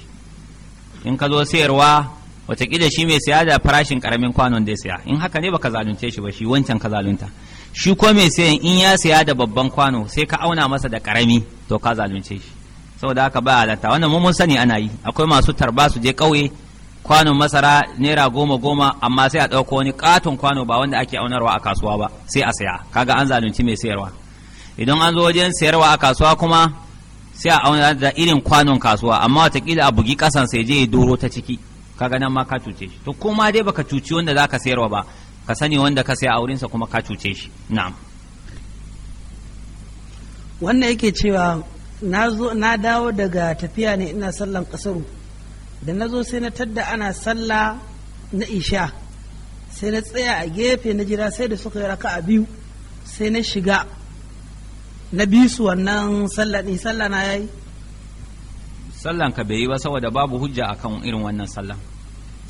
in ka zo sayarwa wataƙila shi mai saya da farashin karamin kwanon da saya in haka ne baka zalunce shi ba shi wancan ka zalunta shi ko mai sayan in ya saya da babban kwano sai ka auna masa da karami to ka zalunce shi saboda haka ba alata wannan mu mun sani ana yi akwai masu tarba su je kauye kwanon masara naira goma goma amma sai a ɗauko wani ƙaton kwano ba wanda ake aunarwa a kasuwa ba sai a saya kaga an zalunci mai sayarwa idan an zo wajen sayarwa a kasuwa kuma sai a auna da irin kwanon kasuwa amma watakila a bugi ƙasan sai je ya doro ta ciki kaga nan ma ka cuce shi to kuma dai baka cuci wanda zaka sayarwa ba ka sani wanda ka saya a wurinsa kuma ka cuce shi na'am wannan yake cewa na dawo daga tafiya ne ina sallan kasaru da na zo sai na tadda ana salla na isha sai na tsaya a gefe na jira sai da suka yi raka a biyu sai na shiga na bi su wannan sallah ne sallah na yayi sallan ka bai yi ba saboda babu hujja akan irin wannan sallan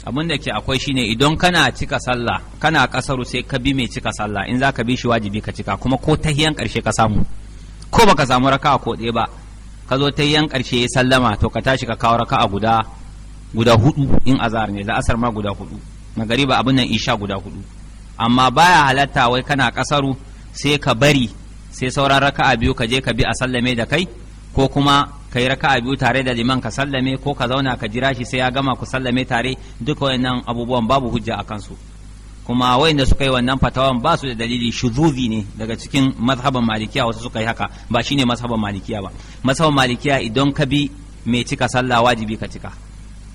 abin da ke akwai shine idan kana cika sallah kana kasaru sai ka bi mai cika sallah in za ka bi shi wajibi ka cika kuma ko ta hiyan karshe ka samu ko baka samu raka'a ko ɗaya ba ka zo ta yan ƙarshe ya sallama to ka tashi ka kawo raka'a guda guda hudu in azhar ne la'asar ma guda hudu ba abin nan isha guda hudu amma baya halatta wai kana kasaru sai ka bari sai sauran raka'a biyu ka je ka bi a sallame da kai ko kuma ka yi raka'a biyu tare da liman ka sallame ko ka zauna ka jira shi sai ya gama ku sallame tare duka wayannan abubuwan babu hujja a kansu kuma wayanda suka yi wannan fatawan ba su da dalili shuzuzi ne daga cikin mazhaban malikiya wasu suka yi haka ba shine mazhaban malikiya ba mazhaban malikiya idan ka bi mai cika sallah wajibi ka cika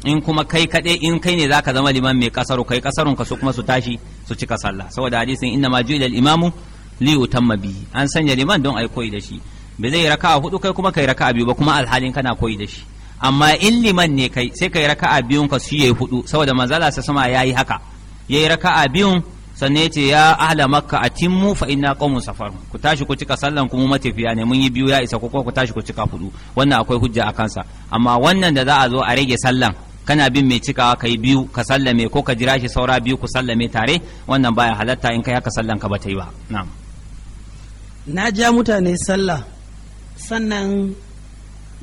in kuma kai kaɗai in kai ne zaka zama liman mai kasaru kai kasarun ka su kuma su tashi su cika sallah saboda hadisin inna ma ju'ila al-imamu li yutamma bi an sanya liman don ai koyi da shi bai zai raka'a hudu kai kuma kai raka'a biyu ba kuma alhalin kana koyi da shi amma in liman ne kai sai kai raka'a biyun ka su yayi hudu saboda manzala sa sama yayi haka yi raka'a biyun sannan ya ce ya ahla makka a timmu fa inna qaumun safar ku tashi ku cika sallan kuma matafiya ne mun yi biyu ya isa ku ku tashi ku cika hudu wannan akwai hujja a kansa amma wannan da za a zo a rage sallan kana bin mai cikawa ka yi biyu ka sallame ko ka jira shi saura biyu ku sallame tare wannan baya halatta in kai haka sallan ka bata yi ba na'am na ja mutane sallah sannan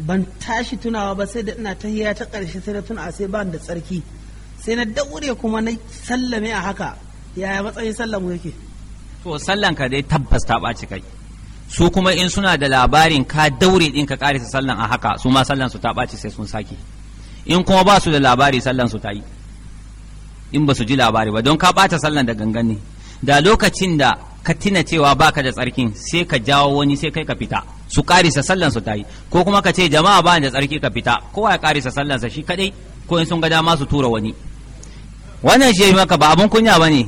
ban tashi tunawa ba sai da ina ta ta karshe sai da tuna sai ban da tsarki sai na daure kuma na sallame a haka yaya matsayin sallamu yake to sallan ka dai tabbas ta ɓaci kai su kuma in suna da labarin ka daure din ka karisa sallan a haka su ma sallan su ta ɓaci sai sun sake in kuma ba su da labari sallan su ta yi in ba su ji labari ba don ka ɓata sallan da gangan ne da lokacin da ka tina cewa baka da tsarkin sai ka jawo wani sai kai ka fita su karisa sallan su yi, ko kuma ka ce jama'a ba da tsarki ka fita kowa ya karisa sallan sa shi kadai ko in sun ga dama su tura wani wannan shi maka ba abun kunya ba ne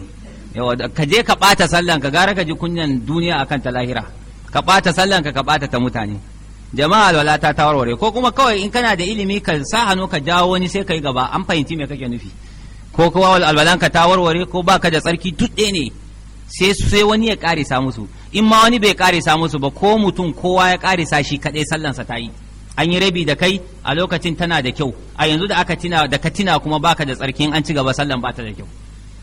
ka je ka ɓata sallan ka gara ka ji kunyan duniya akan ta lahira ka ɓata sallan ka ka ɓata ta mutane jama'a alwala ta warware ko kuma kawai in kana da ilimi ka sa hannu ka jawo wani sai ka yi gaba an fahimci me kake nufi ko kuma alwalan ka ta warware ko ka da tsarki duk ne sai wani ya karisa musu in ma wani bai karisa musu ba ko mutum kowa ya ƙarisa shi kaɗai sallansa ta yi an yi rabi da kai a lokacin tana da kyau a yanzu da aka tina da ka tina kuma baka da tsarkin an ci gaba sallan ba ta da kyau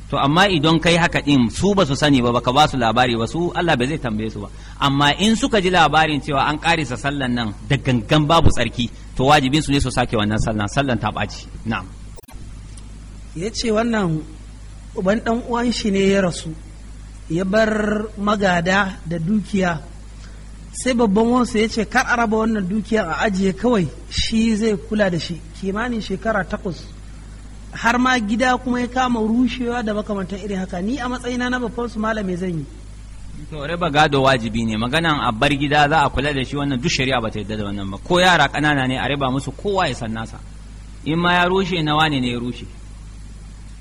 to amma idan kai haka din su ba su sani ba ka ba su labari ba su Allah ba zai tambaye su ba amma in suka ji labarin cewa an karisa sallan nan da gangan babu tsarki to wajibin su ne su sake wannan sallan sallan ta baci na'am yace wannan uban dan uwan shi ne ya rasu ya bar magada da dukiya sai babban wansu ya ce kar a raba wannan dukiyar a ajiye kawai shi zai kula da shi kimanin shekara takwas har ma gida kuma ya kama rushewa da makamantan irin haka ni a matsayina na babban su malami zan yi to raba gado wajibi ne maganan a bar gida za a kula da shi wannan duk shari'a ba ta yadda da wannan ba ko yara kanana ne a raba musu kowa ya san nasa in ma ya rushe na wane ne ya rushe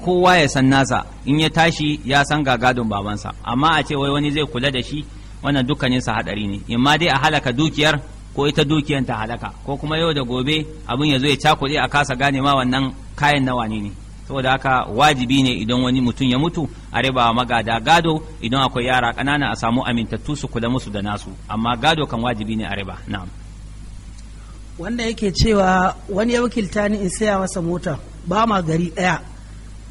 kowa ya san nasa in ya tashi ya san ga gadon babansa amma a ce wai wani zai kula da shi wannan dukkanin sa hadari ne in ma dai a halaka dukiyar ko ita dukiyar ta halaka ko kuma yau da gobe abin ya zo ya cakuɗe a kasa gane ma wannan kayan na wane ne saboda haka wajibi ne idan wani mutum ya mutu a riba magada gado idan akwai yara ƙanana a samu amintattu su kula musu da nasu amma gado kan wajibi ne a riba na'am wanda yake cewa wani ya wakilta ni in saya masa mota ba ma gari ɗaya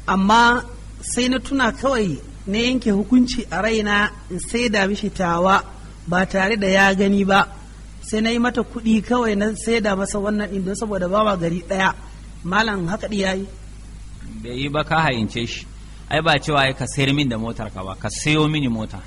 amma sai na tuna kawai na yanke hukunci a raina in sai da mishi tawa ba tare da ya gani ba sai na yi mata kuɗi kawai na sai da masa wannan ɗin don saboda bawa gari ɗaya malam haka ya yi bai yi ba ka hayince shi ai ba cewa ka sayar min da motar ka ba ka sayo mini mota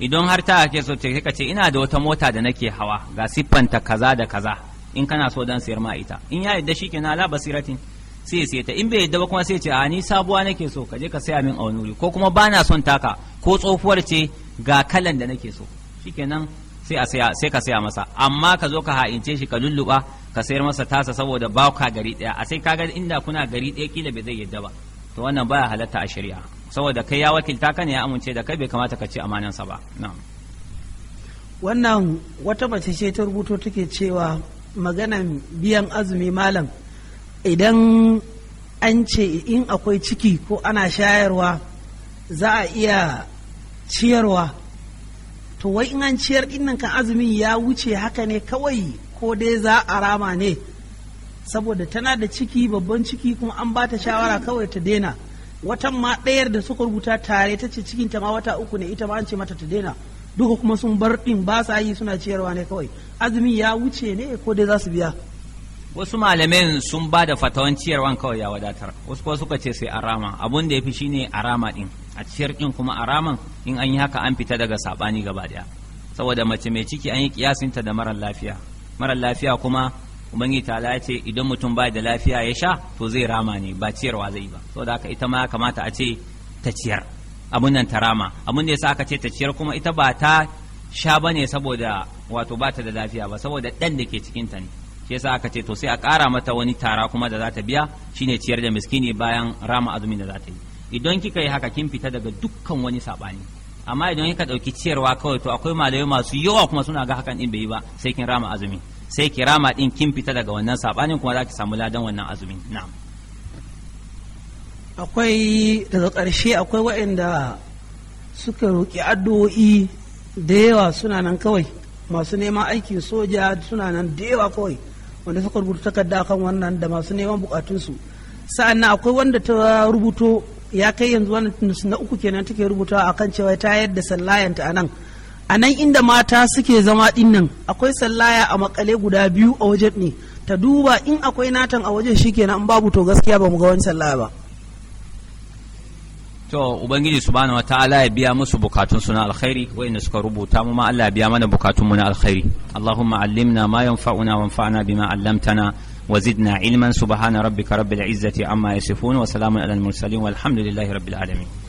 idan har ta ake so ka ce ina da wata mota da nake hawa ga siffanta kaza da kaza in kana so dan sayar ma ita in ya yadda shi kenan ala basiratin sai ya sayeta in bai yadda ba kuma sai ce a ni sabuwa nake so ka je ka saya min a wani ko kuma ba na son taka ko tsofuwar ce ga kalan da nake so shikenan sai a saya sai ka saya masa amma ka zo ka ha'ince shi ka lulluba ka sayar masa tasa saboda ba ka gari daya a sai kaga inda kuna gari daya kila bai zai yadda ba to wannan baya halatta a shari'a saboda kai ya wakilta ka ne ya amince da kai bai kamata ka ci amanansa ba na'am wannan wata mace ce ta rubuto take cewa maganan biyan azumi malam idan an ce in akwai ciki ko ana shayarwa za a iya ciyarwa to wai in an ciyar dinnan kan azumin ya wuce haka ne kawai ko dai za a rama ne saboda tana da ciki babban ciki kuma an ba ta shawara kawai ta daina watan ma ɗayar da suka rubuta tare ta ce cikin ta ma wata uku ne ita ma an ce mata ta daina duka kuma sun bar ɗin ba sa yi suna ciyarwa ne kawai azumin ya wuce ne ko dai za su biya wasu malamin sun ba da fatawan ciyarwan kawai ya wadatar wasu kuma suka ce sai arama abun da ya fi shine arama din a ciyar din kuma araman in an yi haka an fita daga sabani gaba daya saboda mace mai ciki an yi kiyasin ta da marar lafiya marar lafiya kuma ubangi ta ya ce idan mutum ba da lafiya ya sha to zai rama ne ba ciyarwa zai ba saboda haka ita ma kamata a ce ta ciyar abun nan ta rama abun da yasa aka ce ta ciyar kuma ita ba ta sha bane saboda wato ba ta da lafiya ba saboda dan da ke cikinta ne shi yasa aka ce to sai a ƙara mata wani tara kuma da za ta biya shine ciyar da miskini bayan rama azumin da za ta yi idan kika yi haka kin fita daga dukkan wani saɓani amma idan kika ɗauki ciyarwa kawai to akwai malamai masu yawa kuma suna ga hakan in bai yi ba sai kin rama azumi sai ki rama din kin fita daga wannan saɓanin kuma za ki samu ladan wannan azumin na'am akwai daga ƙarshe akwai waɗanda suka roƙi addu'o'i da yawa suna nan kawai masu neman aikin soja suna nan da yawa kawai wanda suka rubuta takarda akan wannan da masu neman bukatunsu sa'an nan akwai wanda ta rubuto ya kai yanzu wannan na uku kenan take rubutawa akan cewa ta yadda sallayanta a nan a inda mata suke zama dinnan akwai sallaya a makale guda biyu a wajen ne ta duba in akwai natan a wajen shikenan in babu to gaskiya ba mu ga wani sallaya ba to ubangiji subhanahu wataala ya biya musu bukatun su na alkhairi wayanda suka rubuta mu ma Allah ya biya mana bukatun mu na alkhairi Allahumma allimna ma yanfa'una wanfa'na bima 'allamtana wa zidna ilman subhana rabbika rabbil izzati amma yasifun wa salamun alal mursalin walhamdulillahi rabbil alamin